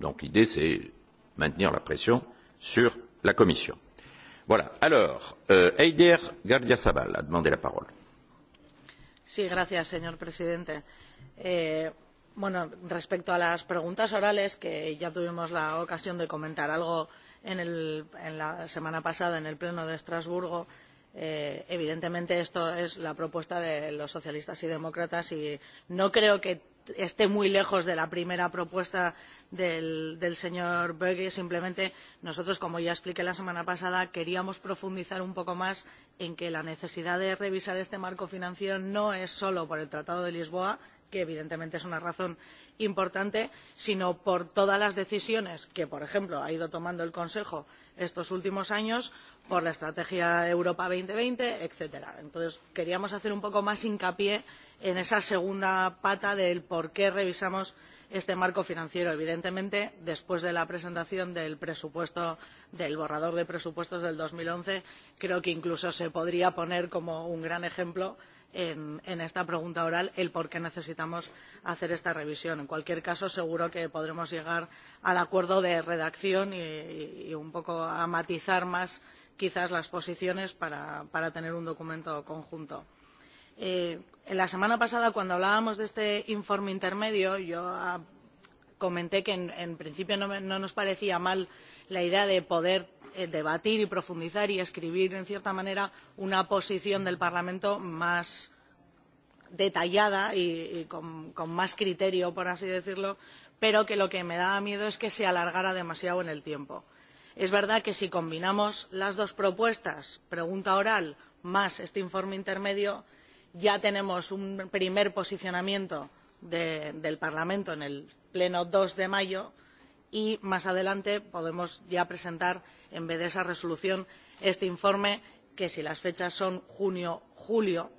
S2: Donc l'idée, c'est maintenir la pression sur la Commission. Eider Gardiazabal la
S5: señor presidente. bueno, respecto a las preguntas orales, que ya tuvimos la ocasión de comentar algo en, la semana pasada en el Pleno de Estrasburgo, evidentemente esto es la propuesta de los socialistas y demócratas y no creo que esté muy lejos de la primera propuesta del, señor Böge. Simplemente nosotros, como ya expliqué la semana pasada, queríamos profundizar un poco más en que la necesidad de revisar este marco financiero no es solo por el Tratado de Lisboa, que evidentemente es una razón importante, sino por todas las decisiones que, por ejemplo, ha ido tomando el Consejo estos últimos años, por la Estrategia Europa dos mil veinte, etcétera. Entonces, queríamos hacer un poco más hincapié en en esa segunda pata del por qué revisamos este marco financiero. Evidentemente, después de la presentación del presupuesto, del borrador de presupuestos del dos mil once, creo que incluso se podría poner como un gran ejemplo en, esta pregunta oral el por qué necesitamos hacer esta revisión. En cualquier caso, seguro que podremos llegar al acuerdo de redacción y, un poco a matizar más quizás las posiciones para, tener un documento conjunto la semana pasada, cuando hablábamos de este informe intermedio, yo comenté que en, principio no, nos parecía mal la idea de poder debatir y profundizar y escribir, en cierta manera, una posición del Parlamento más detallada y, con, más criterio, por así decirlo, pero que lo que me daba miedo es que se alargara demasiado en el tiempo. Es verdad que si combinamos las dos propuestas, pregunta oral más este informe intermedio, ya tenemos un primer posicionamiento del Parlamento en el pleno del dos de mayo y más adelante podemos ya presentar, en vez de esa resolución, este informe que si las fechas son junio-julio,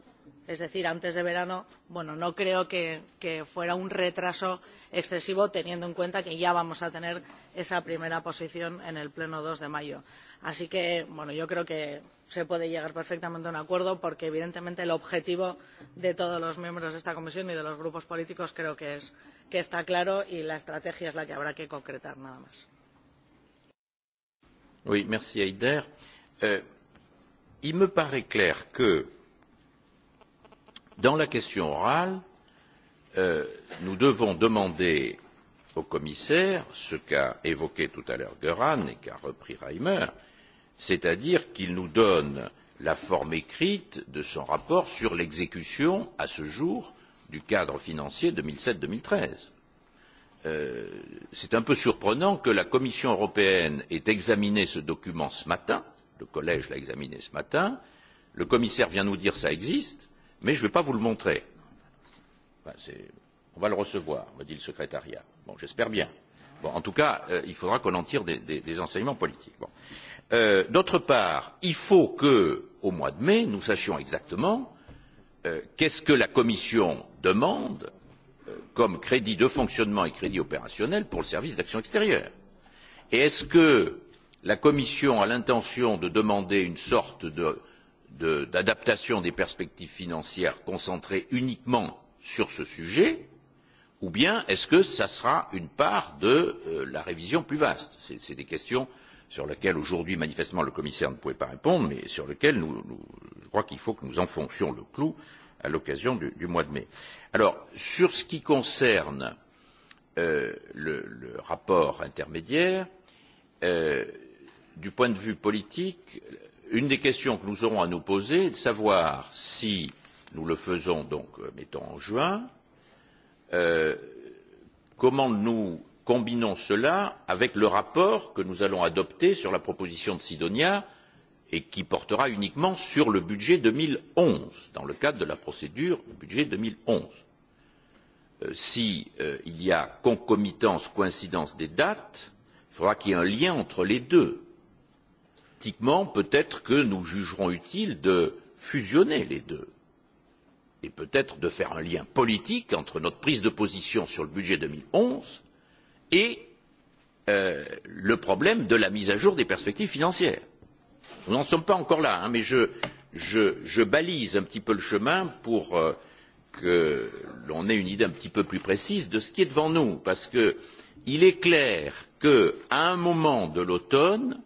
S5: es decir, antes de verano, bueno, no creo que, fuera un retraso excesivo teniendo en cuenta que ya vamos a tener esa primera posición en el pleno dos de mayo. Así que, bueno, yo creo que se puede llegar perfectamente a un acuerdo porque evidentemente el objetivo de todos los miembros de esta comisión y de los grupos políticos creo que, es, que está claro y la estrategia es la que habrá que concretar nada más.
S2: Oui, merci il me paraît clair que Dans la question orale, nous devons demander au commissaire ce qu'a évoqué tout à l'heure Göran et qu'a repris Reimer, c'est-à-dire qu'il nous donne la forme écrite de son rapport sur l'exécution à ce jour du cadre financier deux mille sept deux mille treize. C'est un peu surprenant que la Commission européenne ait examiné ce document ce matin, le collège l'a examiné ce matin, le commissaire vient nous dire que ça existe, mais je ne vais pas vous le montrer. on va le recevoir, me dit le secrétariat. Bon, j'espère bien. en tout cas, il faudra qu'on en tire des, enseignements politiques. D'autre part, il faut que, au mois de mai, nous sachions exactement qu'est ce que la Commission demande comme crédit de fonctionnement et crédit opérationnel pour le service d'action extérieure. Et est-ce que la Commission a l'intention de demander une sorte de d'adaptation des perspectives financières concentrée uniquement sur ce sujet, ou bien est-ce que ça sera une part de la révision plus vaste C'est des questions sur lesquelles aujourd'hui, manifestement, le commissaire ne pouvait pas répondre, mais sur lesquelles je crois qu'il faut que nous enfoncions le clou à l'occasion du, mois de mai. Alors, sur ce qui concerne le, rapport intermédiaire, du point de vue politique, une des questions que nous aurons à nous poser est de savoir si nous le faisons donc, mettons, en juin, comment nous combinons cela avec le rapport que nous allons adopter sur la proposition de Sidonia et qui portera uniquement sur le budget deux mille onze, dans le cadre de la procédure budget deux mille onze. S'il y a concomitance, coïncidence des dates, il faudra qu'il y ait un lien entre les deux Politiquement, peut-être que nous jugerons utile de fusionner les deux et peut-être de faire un lien politique entre notre prise de position sur le budget deux mille onze et le problème de la mise à jour des perspectives financières. Nous n'en sommes pas encore là, mais je, balise un petit peu le chemin pour que l'on ait une idée un petit peu plus précise de ce qui est devant nous, parce qu'il est clair qu'à un moment de l'automne,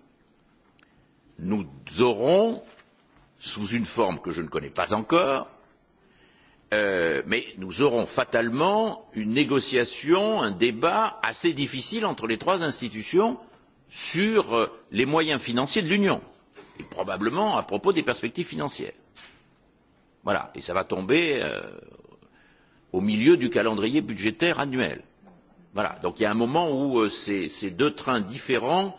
S2: nous aurons, sous une forme que je ne connais pas encore, mais nous aurons fatalement une négociation, un débat assez difficile entre les trois institutions sur les moyens financiers de l'Union, et probablement à propos des perspectives financières. Voilà, et ça va tomber au milieu du calendrier budgétaire annuel. Voilà, donc il y a un moment où ces, deux trains différents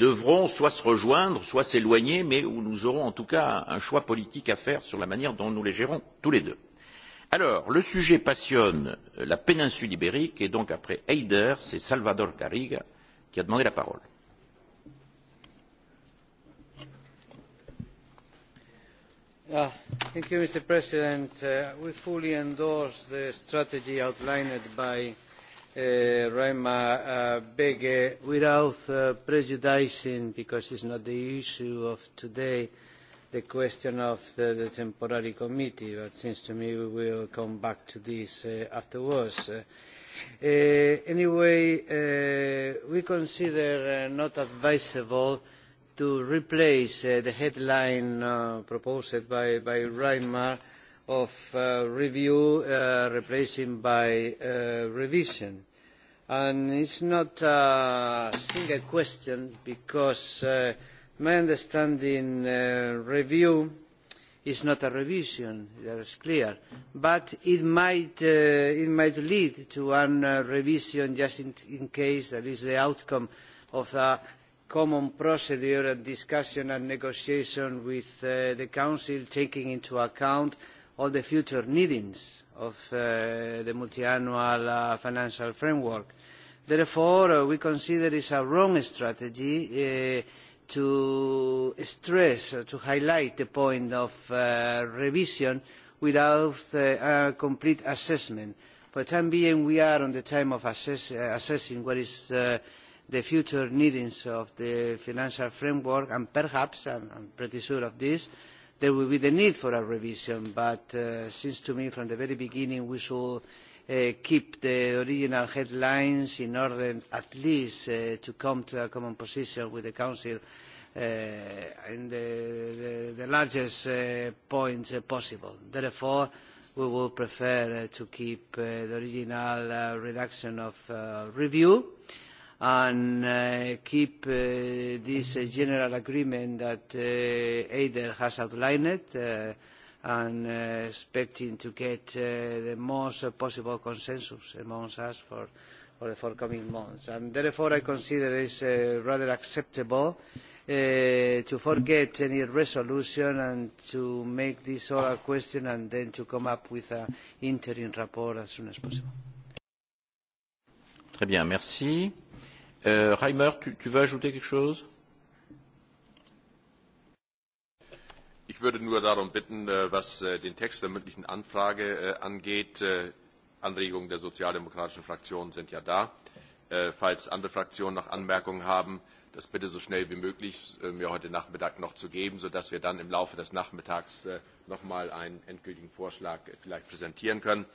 S2: devront soit se rejoindre, soit s'éloigner, mais où nous aurons en tout cas un choix politique à faire sur la manière dont nous les gérons tous les deux. Alors, le sujet passionne la péninsule ibérique, et donc après Heider, c'est Salvador Garriga qui a demandé la parole.
S12: mr president we fully endorse the strategy outlined by Rema beg without prejudicing, because it's not the issue of today, the question of the, temporary committee, but it seems to me we will come back to this afterwards. anyway, we consider not advisable to replace the headline proposed by, by Reimer of review replacing by revision. And it's not a single question because my understanding review is not a revision, that is clear, but it might, lead to a revision just in, case that is the outcome of a common procedure and discussion and negotiation with the Council taking into account all the future needings of the multiannual financial framework. Therefore, we consider it a wrong strategy to stress, or to highlight the point of revision without a complete assessment. For the time being, we are in the time of assessing what is the future needs of the financial framework, and perhaps, I am pretty sure of this, there will be the need for a revision, but it seems to me from the very beginning we should keep the original headlines in order at least to come to a common position with the Council in the, largest point possible. Therefore, we would prefer to keep the original reduction of review and keep this general agreement that EIDER has outlined and expecting to get the most possible consensus amongst us for the forthcoming months. Therefore, I consider it rather acceptable to forget any resolution and to make this oral question and then to come up with an interim report as soon as possible.
S2: Euh, Reimer, tu, tu veux ajouter quelque chose Ich würde nur
S11: darum bitten, was den Text der mündlichen Anfrage angeht. Anregungen der sozialdemokratischen Fraktionen sind ja da. Falls andere Fraktionen noch Anmerkungen haben, das bitte so schnell wie möglich mir heute Nachmittag noch zu geben, sodass wir dann im Laufe des Nachmittags noch mal einen endgültigen Vorschlag vielleicht präsentieren können.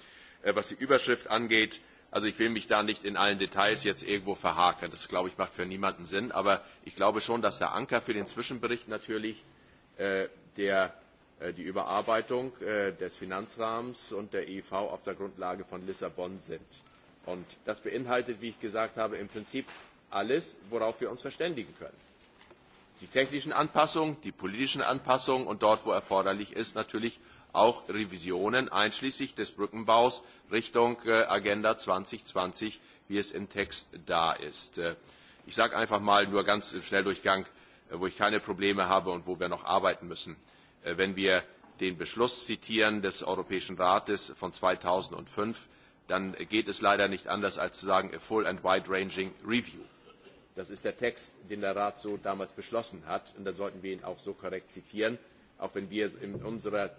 S11: Was die Überschrift angeht, Also ich will mich da nicht in allen Details jetzt irgendwo verhaken. Das, glaube ich, macht für niemanden Sinn. Aber ich glaube schon, dass der Anker für den Zwischenbericht natürlich die Überarbeitung des Finanzrahmens und der EIV auf der Grundlage von Lissabon sind. Und das beinhaltet, wie ich gesagt habe, im Prinzip alles, worauf wir uns verständigen können. Die technischen Anpassungen, die politischen Anpassungen und dort, wo erforderlich ist, natürlich auch Revisionen einschließlich des Brückenbaus Richtung Agenda 2020, wie es im Text da ist. Ich sage einfach mal nur ganz im Schnelldurchgang, wo ich keine Probleme habe und wo wir noch arbeiten müssen. Wenn wir den Beschluss zitieren des Europäischen Rates von 2005, dann geht es leider nicht anders, als zu sagen, a full and wide-ranging review. Das ist der Text, den der Rat so damals beschlossen hat, und dann sollten wir ihn auch so korrekt zitieren, auch wenn wir in unserer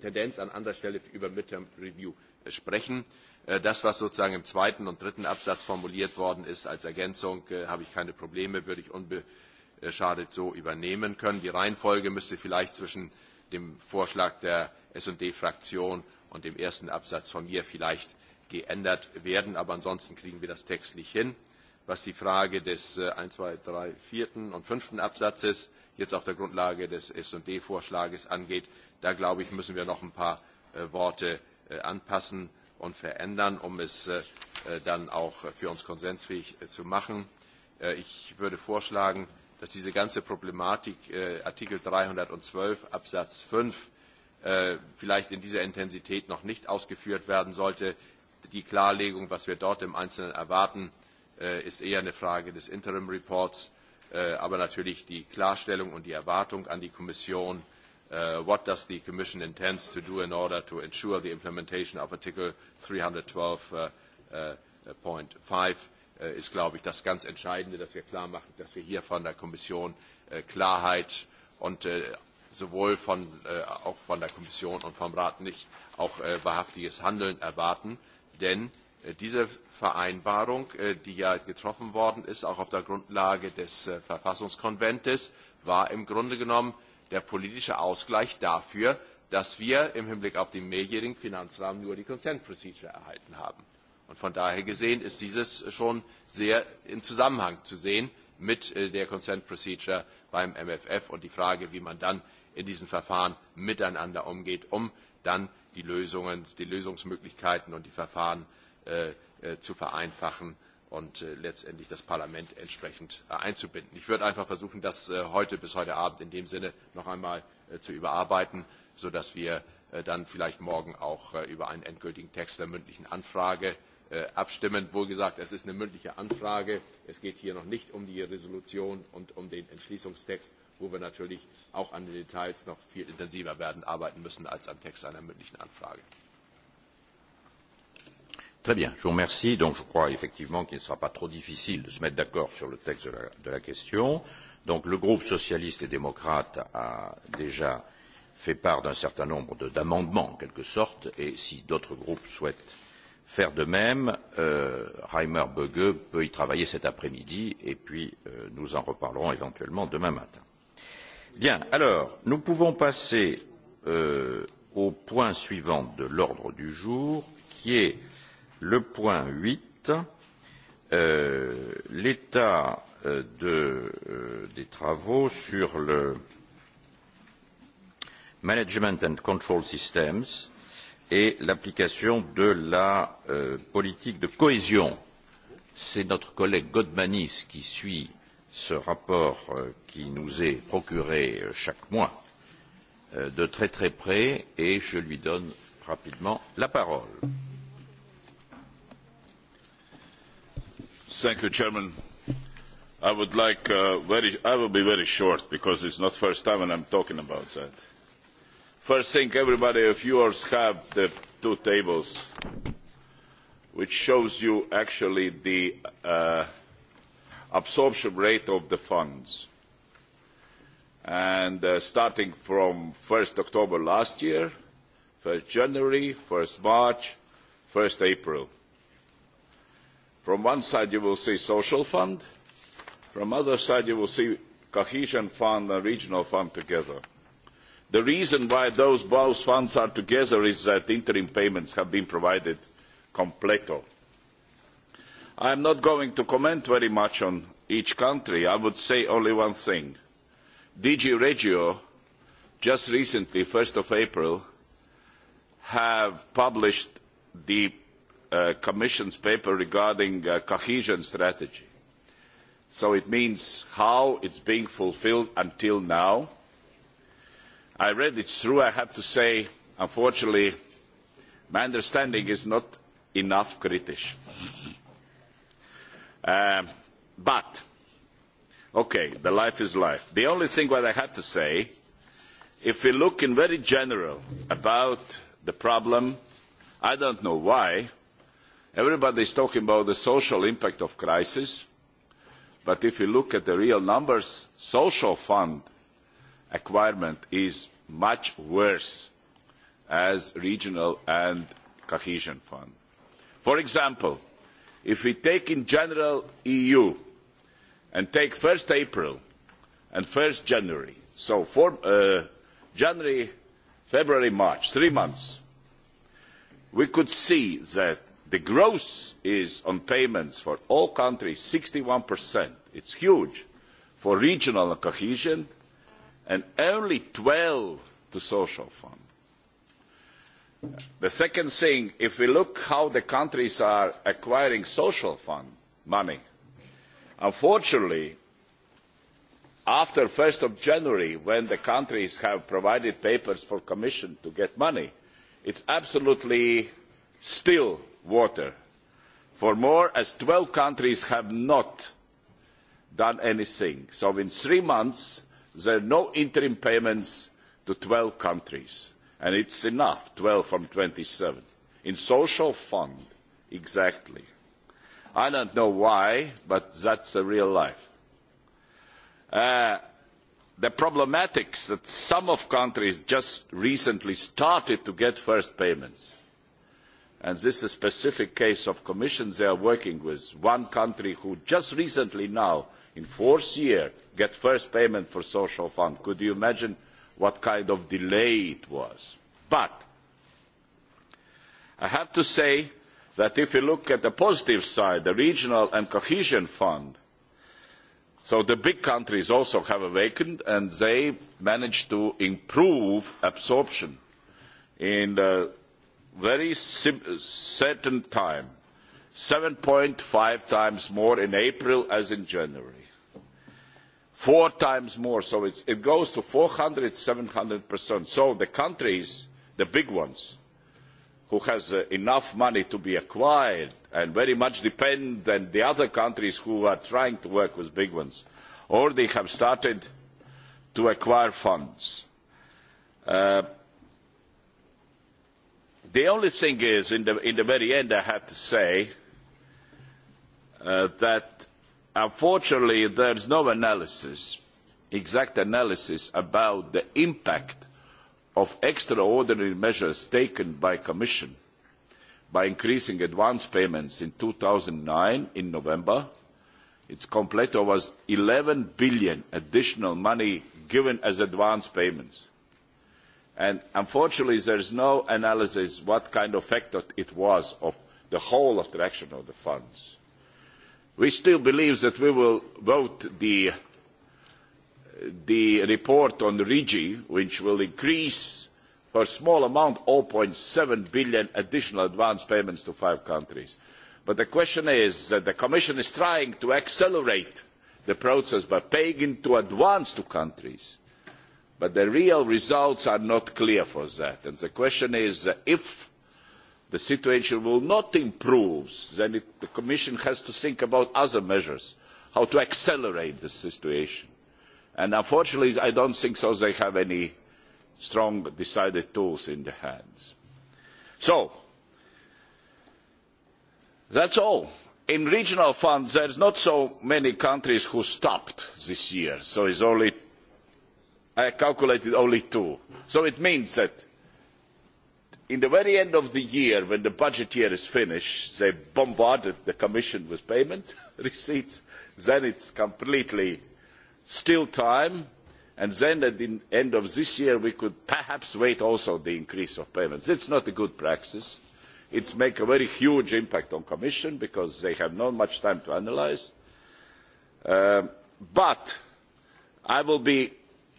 S11: Tendenz an anderer Stelle über Midterm Review sprechen. Das, was sozusagen im zweiten und dritten Absatz formuliert worden ist als Ergänzung, habe ich keine Probleme, würde ich unbeschadet so übernehmen können. Die Reihenfolge müsste vielleicht zwischen dem Vorschlag der S&D-Fraktion und dem ersten Absatz von mir vielleicht geändert werden, aber ansonsten kriegen wir das textlich hin. Was die Frage des 1, 2, 3, 4. und 5. Absatzes jetzt auf der Grundlage des S&D-Vorschlages angeht, Da, glaube ich, müssen wir noch ein paar Worte anpassen und verändern, um es dann auch für uns konsensfähig zu machen. Ich würde vorschlagen, dass diese ganze Problematik Artikel 312 Absatz 5 vielleicht in dieser Intensität noch nicht ausgeführt werden sollte. Die Klarlegung, was wir dort im Einzelnen erwarten, ist eher eine Frage des Interim Reports. Aber natürlich die Klarstellung und die Erwartung an die Kommission what does the Commission intend to do in order to ensure the implementation of Artikel 312.5 ist, glaube ich, das ganz Entscheidende, dass wir klar machen, dass wir hier von der Kommission Klarheit und sowohl von, auch von der Kommission und vom Rat nicht auch wahrhaftiges Handeln erwarten. Denn diese Vereinbarung, die ja getroffen worden ist, auch auf der Grundlage des Verfassungskonventes, war im Grunde genommen der politische Ausgleich dafür, dass wir im Hinblick auf den mehrjährigen Finanzrahmen nur die Consent Procedure erhalten haben. Und von daher gesehen ist dieses schon sehr im Zusammenhang zu sehen mit der Consent Procedure beim MFF und die Frage, wie man dann in diesen Verfahren miteinander umgeht, um dann die, Lösungen, die Lösungsmöglichkeiten und die Verfahren zu vereinfachen und letztendlich das Parlament entsprechend einzubinden. Ich würde einfach versuchen, das heute bis heute Abend in dem Sinne noch einmal zu überarbeiten, sodass wir dann vielleicht morgen auch über einen endgültigen Text der mündlichen Anfrage abstimmen. Wohl gesagt, es ist eine mündliche Anfrage. Es geht hier noch nicht um die Resolution und um den Entschließungstext, wo wir natürlich auch an den Details noch viel intensiver werden arbeiten müssen als am Text einer mündlichen Anfrage.
S2: Très bien, je vous remercie. Donc je crois effectivement qu'il ne sera pas trop difficile de se mettre d'accord sur le texte de la, de la question. Donc le groupe socialiste et démocrate a déjà fait part d'un certain nombre d'amendements en quelque sorte, et si d'autres groupes souhaitent faire de même, euh, Reimer Böge peut y travailler cet après-midi, et puis euh, nous en reparlerons éventuellement demain matin. Bien, alors nous pouvons passer euh, au point suivant de l'ordre du jour, qui est Le point huit, l'état des travaux sur le management and control systems et l'application de la politique de cohésion. C'est notre collègue Godmanis qui suit ce rapport qui nous est procuré chaque mois de très très près et je lui donne rapidement la parole. Thank you, Chairman. I
S8: would like uh, very. I will be very short because it's not first time and I'm talking about that. First thing, everybody of yours have the two tables, which shows you actually the uh, absorption rate of the funds. And uh, starting from 1st October last year, 1st January, 1st March, 1st April From one side, you will see social fund. From the other side, you will see cohesion fund and regional fund together. The reason why those both funds are together is that interim payments have been provided completo. I am not going to comment very much on each country. I would say only one thing. DG Regio, just recently, 1st of April, have published the Commission's paper regarding cohesion strategy. So it means how it is being fulfilled until now. I read it through. I have to say, unfortunately, my understanding is not enough critical. but, okay, the life is life. The only thing that I have to say, if we look in very general about the problem, I don't know why, Everybody is talking about the social impact of crisis, but if you look at the real numbers, social fund acquirement is much worse as regional and cohesion fund. For example, if we take in general EU and take 1st April and 1st January, so for, uh, January, February, March, three months, we could see that The growth is on payments for all countries, 61%. It's huge for regional cohesion and only 12 to social fund. The second thing, if we look how the countries are acquiring social fund money, unfortunately, after 1st of January, when the countries have provided papers for Commission to get money, it's absolutely still water. For more as twelve countries have not done anything. So in three months, there are no interim payments to twelve countries. And it's enough, twelve from twenty seven. In social fund, exactly. I don't know why, but that's the real life. the problematics that some of countries just recently started to get first payments and this is a specific case of commission they are working with one country who just recently now in fourth year get first payment for social fund could you imagine what kind of delay it was but i have to say that if you look at the positive side the regional and cohesion fund so the big countries also have awakened and they managed to improve absorption in the very certain time, seven five times more in April as in January. Four times more, so it's, it goes to four hundred 400, 700%. So the countries, the big ones, who has enough money to be acquired and very much depend on the other countries who are trying to work with big ones, already have started to acquire funds. The only thing is, in the, in the very end, I have to say that unfortunately there is no analysis, exact analysis about the impact of extraordinary measures taken by the Commission by increasing advance payments in two thousand nine in November. Its completo was EUR eleven billion additional money given as advance payments And unfortunately, there is no analysis what kind of factor it was of the whole of the of the funds. We still believe that we will vote the, the report on RIGI, which will increase for a small amount, 0.7 billion additional advance payments to five countries. But the question is that the Commission is trying to accelerate the process by paying in advance to countries But the real results are not clear for that. And the question is, if the situation will not improve, then the Commission has to think about other measures, how to accelerate the situation. And unfortunately, I don't think so they have any strong, decided tools in their hands. So, that's all. In regional funds, there's not so many countries who stopped this year, so it's only I calculated only two. So it means that at the very end of the year, when the budget year is finished, they bombarded the Commission with payment receipts. Then it's completely still time. And then at the end of this year, we could perhaps wait also the increase of payments. It's not a good practice. It makes a very huge impact on Commission because they have not much time to analyse. but I will be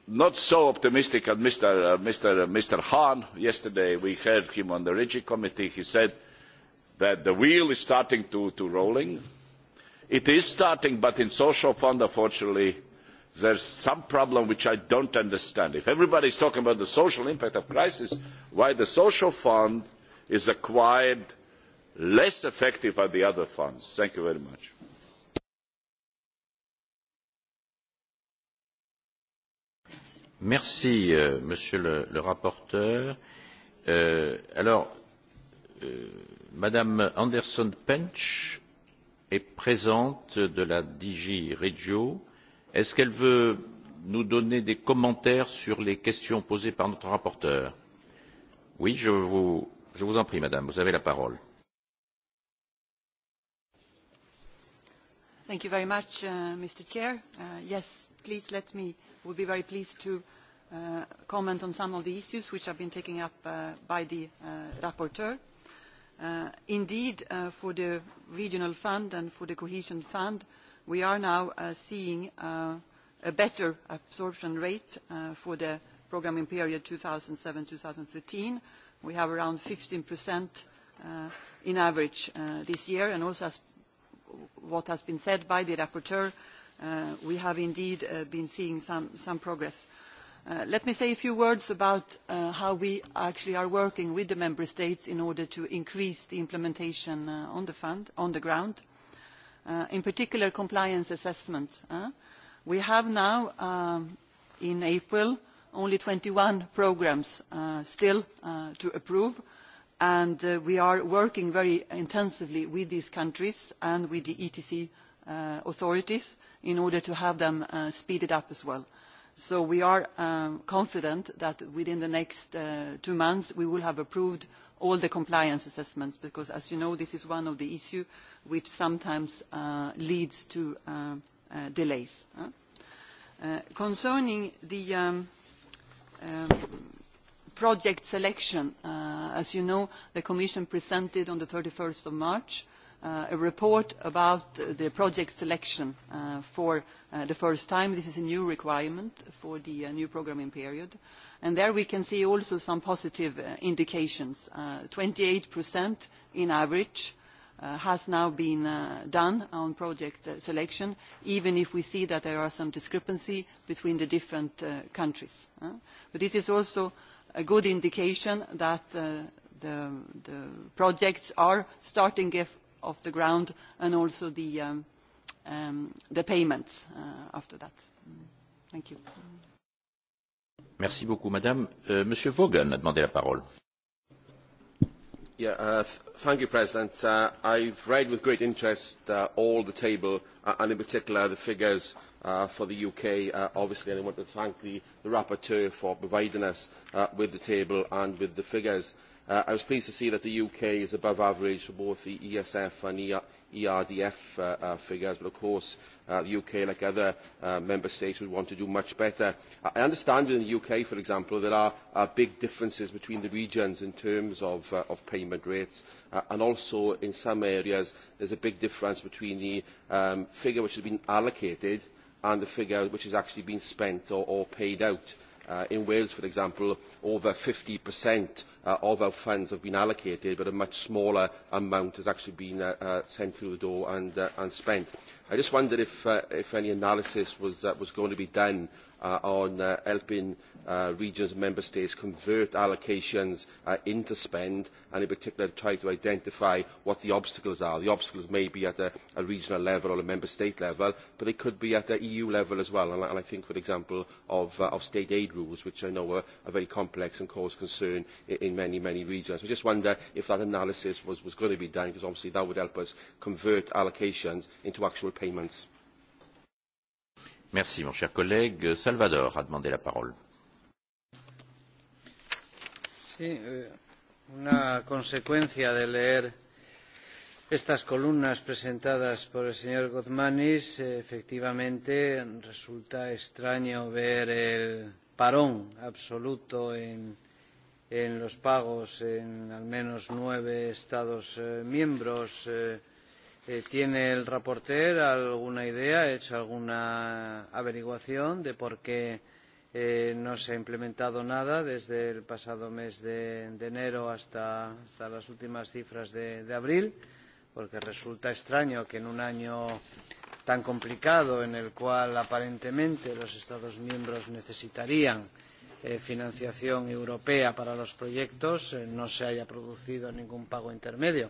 S8: not so optimistic as Mr. Hahn. Yesterday we heard him on the RIGI committee. He said that the wheel is starting to, to rolling. It is starting, but in social fund, unfortunately, there is some problem which I don't understand. If everybody is talking about the social impact of crisis, why the social fund is acquired less effective than the other funds? Thank you very much.
S2: Merci, euh, monsieur le, le rapporteur. Euh, alors, euh, madame Anderson Pench est présente de la DG Regio. Est-ce qu'elle veut nous donner des commentaires sur les questions posées par notre rapporteur Oui, je vous, je vous en prie, madame, vous avez la parole.
S13: Thank you very much, uh, Mr. Chair. Uh, yes, please let me will be very pleased to comment on some of the issues which have been taken up by the rapporteur. indeed, for the regional fund and for the cohesion fund, we are now seeing a better absorption rate for the programming period 2007-2013. We have around 15% in average this year, and also as what has been said by the rapporteur, we have indeed been seeing some progress. Let me say a few words about how we actually are working with the member states in order to increase the implementation on the fund, on the ground, in particular, compliance assessment. We have now, in April, only twenty one programmes still to approve, and we are working very intensively with these countries and with the ETC authorities in order to have them speeded up as well. So we are confident that within the next two months, we will have approved all the compliance assessments, because as you know, this is one of the issues which sometimes leads to delays. Concerning the project selection, as you know, the Commission presented on the 31st of March a report about the project selection for the first time. This is a new requirement for the new programming period. And there we can see also some positive indications. Twenty 28% in average has now been done on project selection, even if we see that there are some discrepancy between the different countries. But It is also a good indication that the projects are starting of the ground and also the payments after that. Thank you.
S2: Merci beaucoup, Madame. Monsieur Vaughan a demandé la parole.
S14: Thank you, President. I've read with great interest all the table, and in particular the figures for the UK. Obviously, and I want to thank the rapporteur for providing us with the table and with the figures i was pleased to see that the uk is above average for both the esf and erdf figures but of course the uk like other member states would want to do much better. i understand in the uk for example there are big differences between the regions in terms of payment rates and also in some areas there is a big difference between the figure which has been allocated and the figure which has actually been spent or paid out in Wales, for example, over 50% uh, of our funds have been allocated, but a much smaller amount has actually been sent through the door and, spent. I just wondered if, any analysis was, going to be done on helping regions and member states convert allocations into spend and in particular try to identify what the obstacles are. The obstacles may be at a, regional level or a member state level, but they could be at the EU level as well. And I, think, for example, of, state aid rules, which I know are, very complex and cause concern in, many, many regions. I just wonder if that analysis was, was going to be done, because obviously that would help us convert allocations into actual payments.
S2: Merci, mon cher collègue. Salvador a demandé la parole.
S12: Sí, una consecuencia de leer estas columnas presentadas por el señor Gozmanis, efectivamente resulta extraño ver el parón absoluto en, los pagos en al menos nueve Estados miembros. Eh, ¿Tiene el reporter alguna idea, ha hecho alguna averiguación de por qué no se ha implementado nada desde el pasado mes de, enero hasta, las últimas cifras de, abril? Porque resulta extraño que en un año tan complicado en el cual aparentemente los Estados miembros necesitarían financiación europea para los proyectos no se haya producido ningún pago intermedio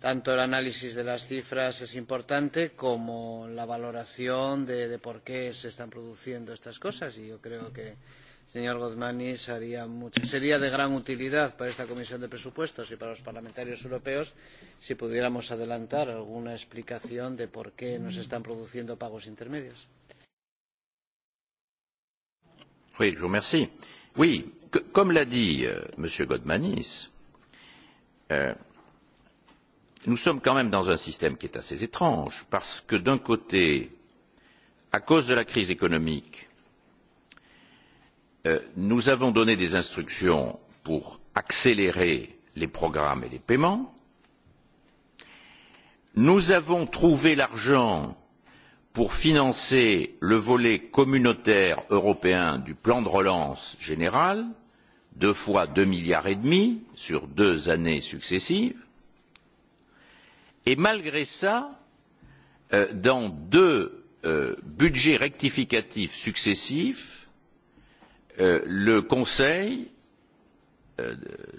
S12: tanto el análisis de las cifras es importante como la valoración de, por qué se están produciendo estas cosas y yo creo que señor Gozmani sería de gran utilidad para esta comisión de presupuestos y para los parlamentarios europeos si pudiéramos adelantar alguna explicación de por qué nos están produciendo pagos intermedios.
S2: Oui, je vous remercie. Oui, comme l'a dit M. Godmanis, nous sommes quand même dans un système qui est assez étrange, parce que d'un côté, à cause de la crise économique, nous avons donné des instructions pour accélérer les programmes et les paiements. Nous avons trouvé l'argent pour financer le volet communautaire européen du plan de relance général, deux fois deux milliards et demi sur deux années successives Et malgré cela, dans deux budgets rectificatifs successifs, le Conseil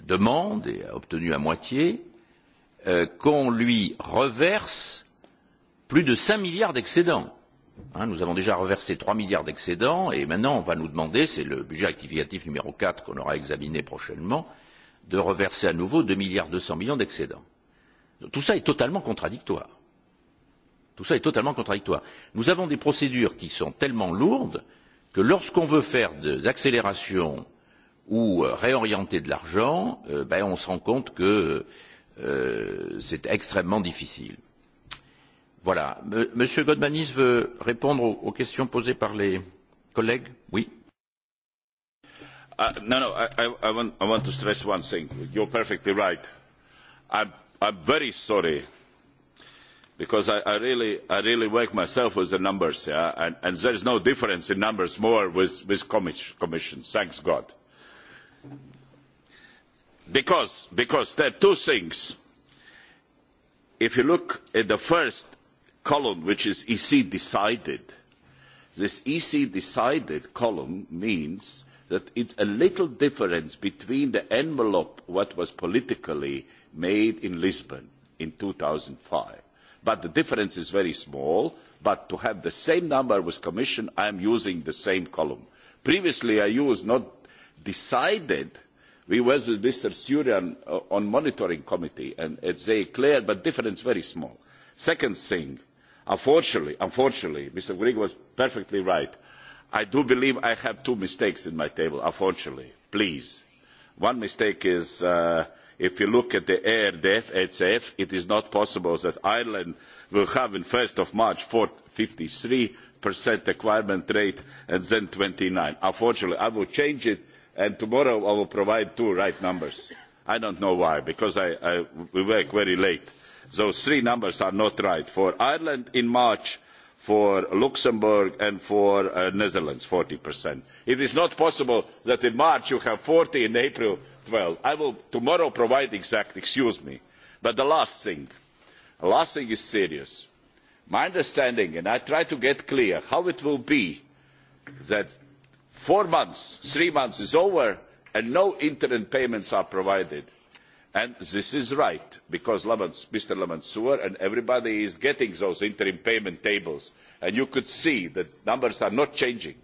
S2: demande et a obtenu à moitié qu'on lui reverse plus de cinq milliards d'excédents. nous avons déjà reversé trois milliards d'excédents et maintenant on va nous demander, c'est le budget rectificatif numéro quatre qu'on aura examiné prochainement, de reverser à nouveau deux milliards deux cents millions d'excédents. Tout cela est totalement contradictoire. Tout cela est totalement contradictoire. Nous avons des procédures qui sont tellement lourdes que lorsqu'on veut faire des accélérations ou réorienter de l'argent, on se rend compte que c'est extrêmement difficile. Voilà. Monsieur Godmanis veut répondre aux questions posées par les collègues Oui No, no, I,
S8: I, want, I want to stress one thing. You're perfectly right. I'm I am very sorry because I, I really I really work myself with the numbers, yeah, and, and there is no difference in numbers more with with commission. Thanks God. Because because there are two things. If you look at the first column, which is EC decided, this EC decided column means that it's a little difference between the envelope what was politically made in Lisbon in two thousand five. But the difference is very small, but to have the same number with Commission, I am using the same column. Previously, I used not decided. We were with Mr. Surian on monitoring committee, and they clear, but difference very small. Second thing, unfortunately, unfortunately, Mr. Grieg was perfectly right. I do believe I have two mistakes in my table, unfortunately. Please. One mistake is uh, if you look at the death HF, it is not possible that Ireland will have on one march of March three acquirement rate and then twenty nine. Unfortunately, I will change it and tomorrow I will provide two right numbers. I don't know why, because I, we work very late. Those three numbers are not right. For Ireland in March, for Luxembourg and for the Netherlands, forty. It is not possible that in March you have and in April twelve i will tomorrow provide exact excuse me but the last thing the last thing is serious my understanding and i try to get clear how it will be that four months three months is over and no interim payments are provided and this is right because mr lamassoure and everybody is getting those interim payment tables and you could see that numbers are not changing.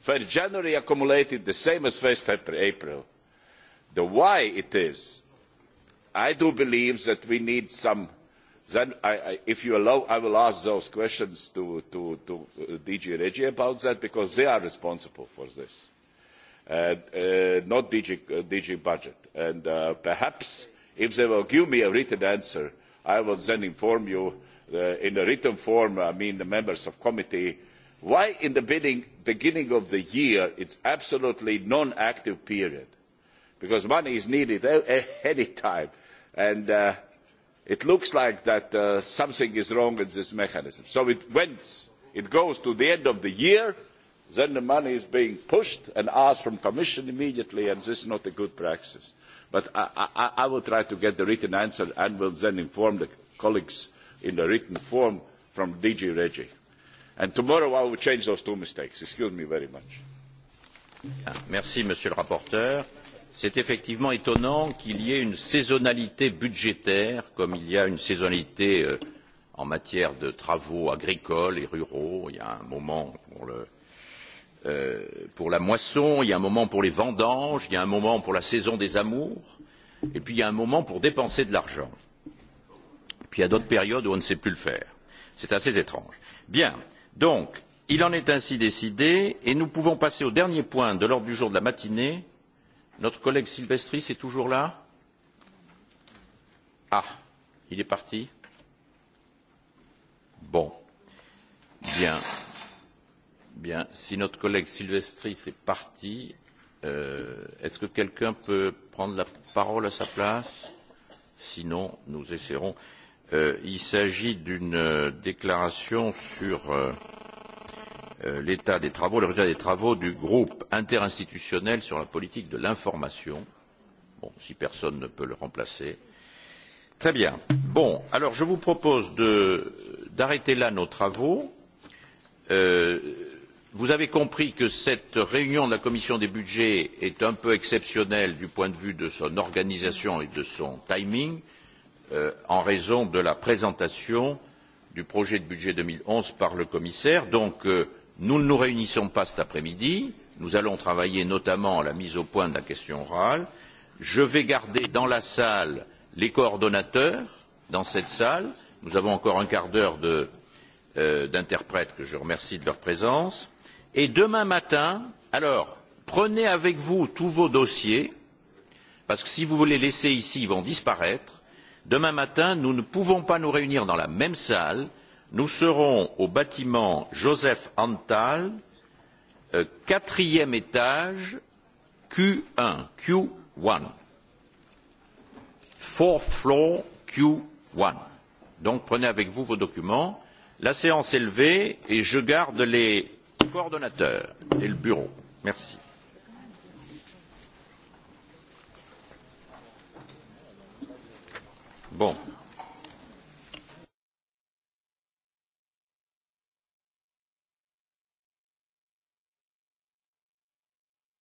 S8: first january accumulated the same as first april the why it is, I do believe that we need some. Then, I, I, if you allow, I will ask those questions to, to, to DG Regi about that because they are responsible for this, not DG, DG Budget. And perhaps if they will give me a written answer, I will then inform you in a written form, I mean the members of committee, why in the beginning of the year it's absolutely non-active period because money is needed any time. And uh, it looks like that uh, something is wrong with this mechanism. So it went, it goes to the end of the year, then the money is being pushed and asked from Commission immediately, and this is not a good practice. But I, I, I will try to get the written answer and will then inform the colleagues in the written form from DG Regi. And tomorrow I will change
S2: those two mistakes. Excuse me very much. Merci, Monsieur le rapporteur c'est effectivement étonnant qu'il y ait une saisonnalité budgétaire comme il y a une saisonnalité en matière de travaux agricoles et ruraux. Il y a un moment pour, la moisson, il y a un moment pour les vendanges, il y a un moment pour la saison des amours, et puis il y a un moment pour dépenser de l'argent. Puis il y a d'autres périodes où on ne sait plus le faire. C'est assez étrange. Bien, donc, il en est ainsi décidé, et nous pouvons passer au dernier point de l'ordre du jour de la matinée, Notre collègue Silvestris est toujours là Ah, il est parti. Bon. Bien. Bien. Si notre collègue Silvestris est parti, euh, est-ce que quelqu'un peut prendre la parole à sa place Sinon, nous essaierons. Euh, il s'agit d'une déclaration sur euh, l'état des travaux, le résultat des travaux du groupe interinstitutionnel sur la politique de l'information. Bon, si personne ne peut le remplacer. Très bien. Bon, alors je vous propose d'arrêter là nos travaux. vous avez compris que cette réunion de la commission des budgets est un peu exceptionnelle du point de vue de son organisation et de son timing en raison de la présentation du projet de budget deux mille onze par le commissaire. Donc, nous ne nous réunissons pas cet après midi nous allons travailler notamment à la mise au point de la question orale je vais garder dans la salle les coordonnateurs dans cette salle nous avons encore un quart d'heure d'interprètes que je remercie de leur présence et demain matin alors prenez avec vous tous vos dossiers parce que si vous les laissez ici ils vont disparaître demain matin nous ne pouvons pas nous réunir dans la même salle nous serons au bâtiment Joseph Antal, quatrième étage, q un q one Fourth floor, q one. Donc prenez avec vous vos documents. La séance est levée et je garde les coordonnateurs et le bureau. Merci. Bon.